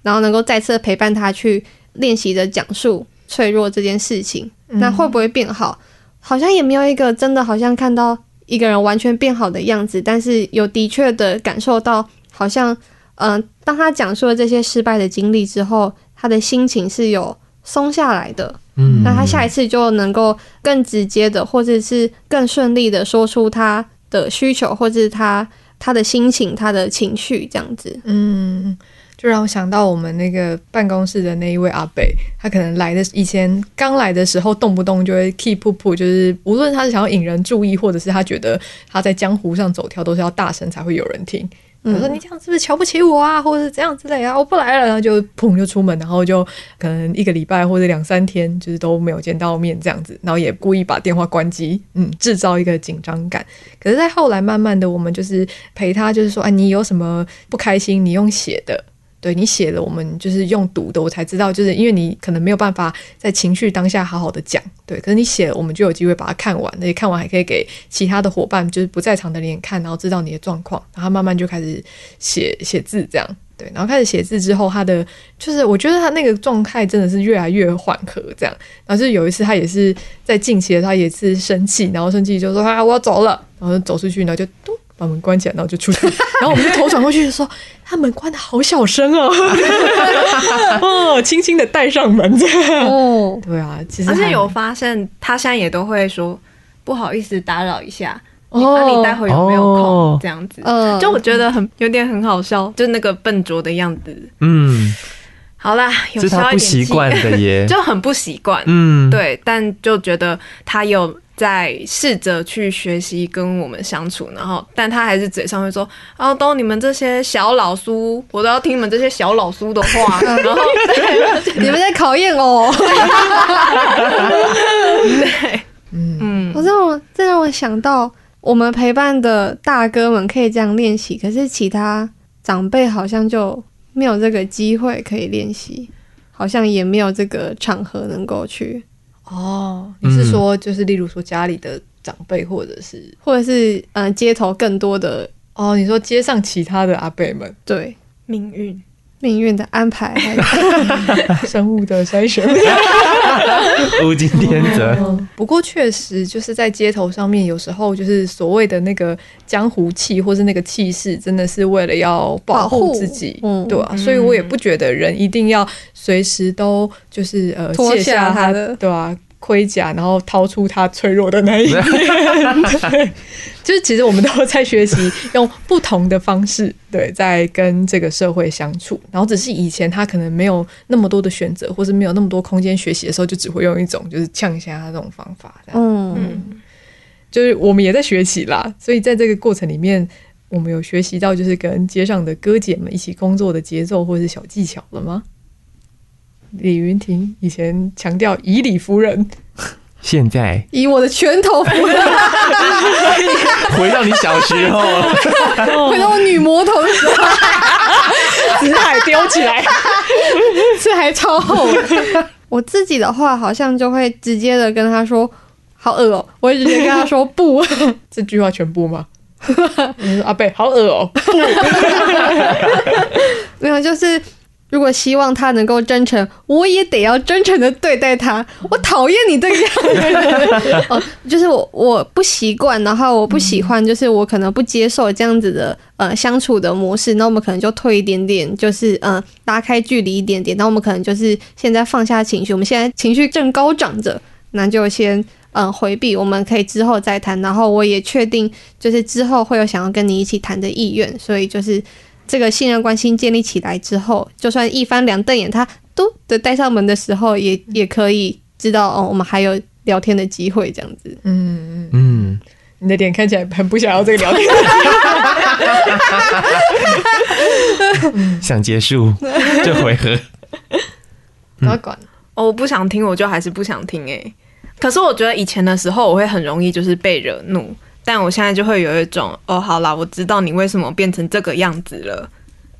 B: 然後能夠再次的陪伴他去練習的講述。脆弱這件事情，嗯、那會不會變好？好像也沒有一個真的，好像看到一個人完全變好的樣子。但是有的確的感受到，好像嗯、呃，當他講述了這些失敗的經歷之後，他的心情是有鬆下來的。嗯，那他下一次就能夠更直接的，或者是更順利的說出他的需求，或者是他他的心情、他的情緒這樣子。
C: 嗯。就讓我想到我們那個辦公室的那一位阿北，他可能來的以前剛來的時候，動不動就會 keep 噗噗，oo, 就是無論他是想要引人注意，或者是他覺得他在江湖上走跳都是要大聲才會有人聽。我、嗯、說，你這樣是不是瞧不起我啊，或者是這樣之類啊，我不來了，然後就砰就出門，然後就可能一個禮拜或者兩三天就是都沒有見到面這樣子，然後也故意把電話關機，嗯，製造一個緊張感。可是，在後來慢慢的，我們就是陪他，就是說，啊、哎，你有什麼不開心，你用寫的。對，你寫了，我們就是用讀的，我才知道，就是因為你可能沒有辦法在情緒當下好好的講，對，可是你寫了，我們就有機會把它看完，而且看完還可以給其他的夥伴，就是不在場的人看，然後知道你的狀況，然後他慢慢就開始寫寫字這樣，對，然後開始寫字之後，他的就是我覺得他那個狀態真的是越來越緩和這樣，然後就有一次，他也是在近期的時候他也是生氣，然後生氣就說，啊，我要走了，然後走出去然後就嘟。把門關起來，然後就出去。然後我們就頭轉過去就說：“他門關的好小聲哦，嗯，輕輕的帶上門這樣。”哦，對啊，其實而且有發現他現在也都會說不好意思打擾一下，那你待會有沒有空這樣子？就我覺得很有點很好笑，就那個笨拙的樣子。嗯，好啦，有他不習慣的耶，就很不習慣。嗯，對，但就覺得他有。在試着去學習跟我們相處，然後，但他還是嘴上會說：“啊、哦，都你們這些小老叔，我都要聽你們這些小老叔的話。” 然後， 你們在考驗哦。對，
B: 嗯，我讓我，這讓我想到，我們陪伴的大哥們可以這樣練習，可是其他長輩好像就沒有這個機會可以練習，
C: 好像也沒有這個場合能夠去。哦，你是說就是，例如說家裡的長輩，或者是，嗯、或者是，嗯、呃，街頭更多的哦，你說街上其他的阿伯們，對，命運。命運的安排，生物的篩選，
A: 物競天擇。Oh, oh,
C: oh. 不過確實就是在街頭上面，有時候就是所謂的那個江湖氣，或是那個氣勢，真的是為了要保護自己，護對啊，嗯，所以我也不覺得人一定要隨時都就是呃脫下他的，下對啊盔甲，然後掏出他脆弱的那一面，就是其實我們都在學習用不同的方式，對，在跟這個社會相處。然後只是以前他可能沒有那麼多的選擇，或是沒有那麼多空間學習的時候，就只會用一種就是嗆一下他這種方法這樣。嗯，嗯，就是我們也在學習啦，所以在這個過程裡面，我們有學習到就是跟街上的哥姐們一起工作的節奏或者是小技巧了嗎？李雲婷以前強調以理服人，
A: 現在
C: 以我的拳頭服人。
A: 回到你小時候， 回到我女
C: 魔頭時代，紙海丟起來，紙 還超
B: 厚。我自己的話，好像就會直接的跟他說“好噁哦”，
C: 我一直跟他說“不”， 這句話全部嗎？你說阿伯好噁哦，不，
B: 沒有就是。如果希望他能夠真誠，我也得要真誠的對待他。我討厭你這樣的人， 哦，就是我我不習慣，然後我不喜歡，就是我可能不接受這樣子的呃相處的模式。那我們可能就退一點點，就是嗯、呃、拉開距離一點點。那我們可能就是現在放下情緒，我們現在情緒正高漲着，那就先嗯呃、迴避，我們可以之後再談。然後我也確定，就是之後會有想要跟你一起談的意願，所以就是。這個信任關係建立起來之後，就算一翻兩瞪眼，他都得帶上門的時候也，也也可以知道哦，我們還有聊天的機會這樣子。嗯
C: 嗯，嗯，你的臉看起來很不想要這個聊天，
A: 想結束這回合，
C: 不要管。我不想聽，我就還是不想聽哎。可是我覺得以前的時候，我會很容易就是被惹怒。但我現在就會有一種哦，好啦，我知道你為什麼變成這個樣子了，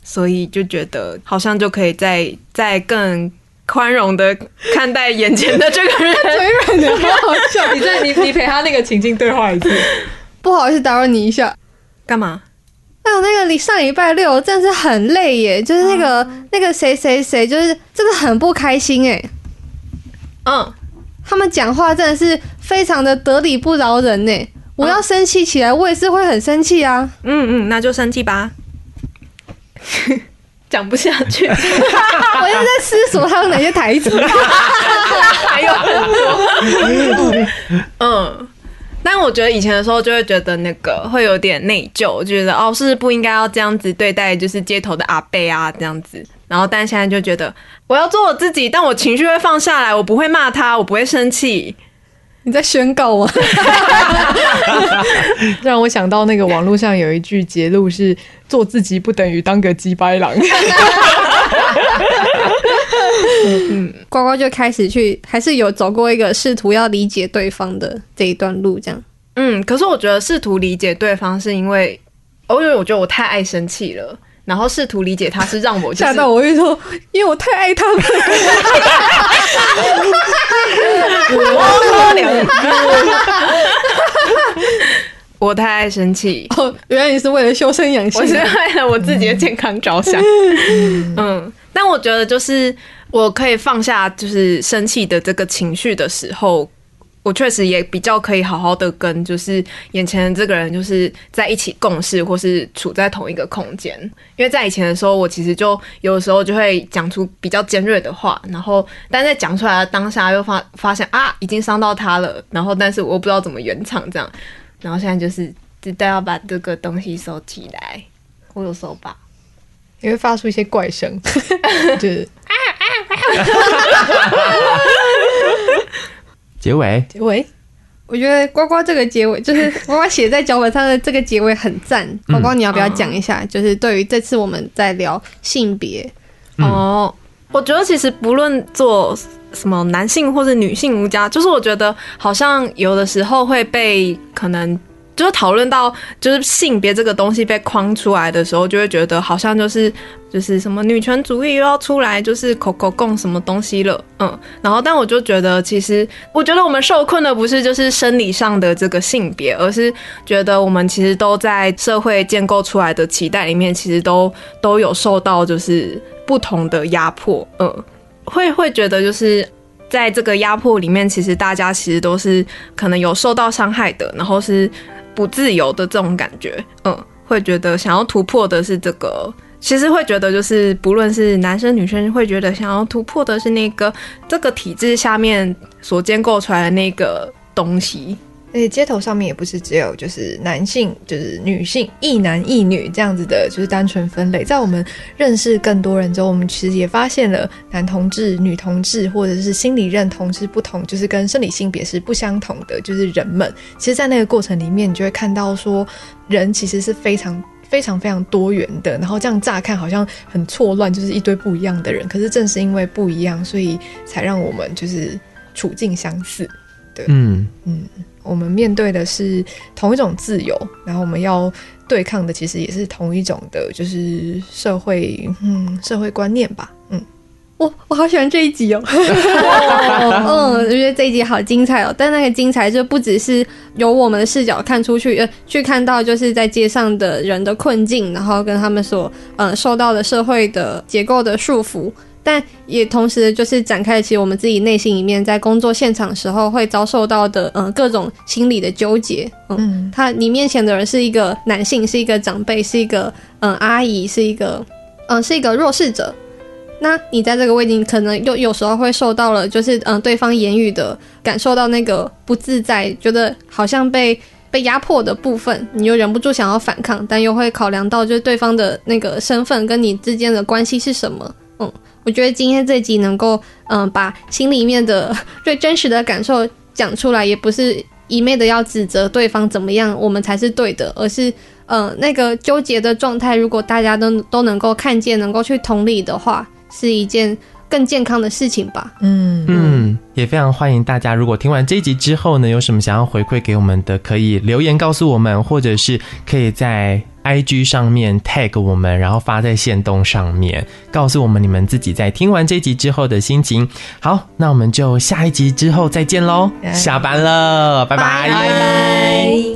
C: 所以就覺得好像就可以再、再更寬容的看待眼前的這個人。 他嘴軟的很好笑, 你，你你你陪他那個情境對話一次。
B: 不好意思打擾你一下，幹嘛？哎、呃，那個你上禮拜六真的是很累耶，就是那個、嗯、那個誰誰誰，就是真的很不開心哎。
C: 嗯，
B: 他們講話真的是非常的得理不饒人呢。我要生氣起來，啊，我也是會很生氣啊。
C: 嗯嗯，那就生氣吧。講 不下去， 我又在思索他有哪些台詞，還有很多。嗯，但我覺得以前的時候就會覺得那個會有點內疚，覺得哦是不是不應該要這樣子對待，就是街頭的阿伯啊這樣子。然後但現在就覺得我要做我自己，但我情緒會放下來，我不會罵他，我不會生氣。你在宣告我 讓我想到那個網絡上有一句結論是：做自己不等於當個雞掰狼。嗯，
B: 乖乖就開始去，還是有走過一個試圖要理解對方的這一段
C: 路，這樣。嗯，可是我覺得試圖理解對方，是因為，哦，因為我覺得我太愛生氣了。然後試圖理解他是讓我嚇到，我會說，因為我太愛他了。我 我太愛生氣哦。原來你是為了修身養性，我是為了我自己的健康着想。嗯，但我覺得就是我可以放下，就是生氣的這個情緒的時候，我確實也比較可以好好的跟就是眼前這個人就是在一起共事或是處在同一個空間，因為在以前的時候我其實就有時候就會講出比較尖銳的話，然後但在講出來的當下又發發現啊，已經傷到他了，然後但是我又不知道怎麼圓場這樣，然後現在就是知道要把這個東西收起來，我有時候吧，也會發出一些怪聲，對啊
D: 啊啊！ 結尾，結
C: 尾，我覺得
B: 呱呱這個結尾，就是呱呱寫在腳本上的這個結尾很讚。呱呱，你要不要講一下？嗯、就是對於這次我們在聊性別
C: 哦、嗯呃，我覺得其實不論做什麼，男性或者女性無家，就是我覺得好像有的時候會被可能。就是討論到就是性別這個東西被框出來的時候，就會覺得好像就是就是什麼女權主義又要出來，就是口口供什麼東西了，嗯，然後但我就覺得其實我覺得我們受困的不是就是生理上的這個性別，而是覺得我們其實都在社會建構出來的期待裡面，其實都都有受到就是不同的壓迫，嗯，會會覺得就是在這個壓迫裡面，其實大家其實都是可能有受到傷害的，然後是。不自由的這種感覺，嗯，會覺得想要突破的是這個，其實會覺得就是，不論是男生女生，會覺得想要突破的是那個，這個體制下面所建構出來的那個東西。而且、欸、街頭上面也不是只有就是男性就是女性一男一女這樣子的，就是單純分類。在我們認識更多人之後，我們其實也發現了男同志、女同志，或者是心理認同是不同，就是跟生理性別是不相同的，就是人們。其實，在那個過程裡面，你就會看到說，人其實是非常非常非常多元的。然後這樣乍看好像很錯亂，就是一堆不一樣的人。可是正是因為不一樣，所以才讓我們就是處境相似。
D: 對，
C: 嗯嗯，我們面對的是同一種自由，然後我們要對抗的其實也是同一種的，就是社會，嗯，社會觀念吧，嗯，我、哦、我好喜歡這一集哦，嗯、 哦哦，
B: 我覺得這一集好精彩哦，但那個精彩就不只是由我們的視角看出去，呃，去看到就是在街上的人的困境，然後跟他們所，呃，受到的社會的結構的束縛。但也同時，就是展開其實我們自己內心裡面，在工作現場時候會遭受到的，嗯，各種心理的糾結。嗯，嗯他你面前的人是一個男性，是一個長輩，是一個嗯阿姨，是一個嗯是一個弱勢者。那你在這個位置，你可能又有，有時候會受到了，就是嗯對方言語的感受到那個不自在，覺得好像被被壓迫的部分，你又忍不住想要反抗，但又會考量到就是對方的那個身份跟你之間的關係是什麼，嗯。我覺得今天這集能夠，嗯、呃，把心裡面的最真實的感受講出來，也不是一味的要指責對方怎麼樣，我們才是對的，而是，嗯、呃，那個糾結的狀態，如果大家都都能夠看見，能夠去同理的話，是一件。更健康的事情吧。嗯嗯，
A: 嗯，也非常歡迎大家，如果聽完這一集之後呢，有什麼想要回饋給我們的，可以留言告訴我們，或者是可以在 IG 上面 tag 我們，然後發在限動上面，告訴我們你們自己在聽完這一集之後的心情。好，那我們就下一集之後再見嘍，嗯哎、下班了，拜拜拜拜。拜拜拜拜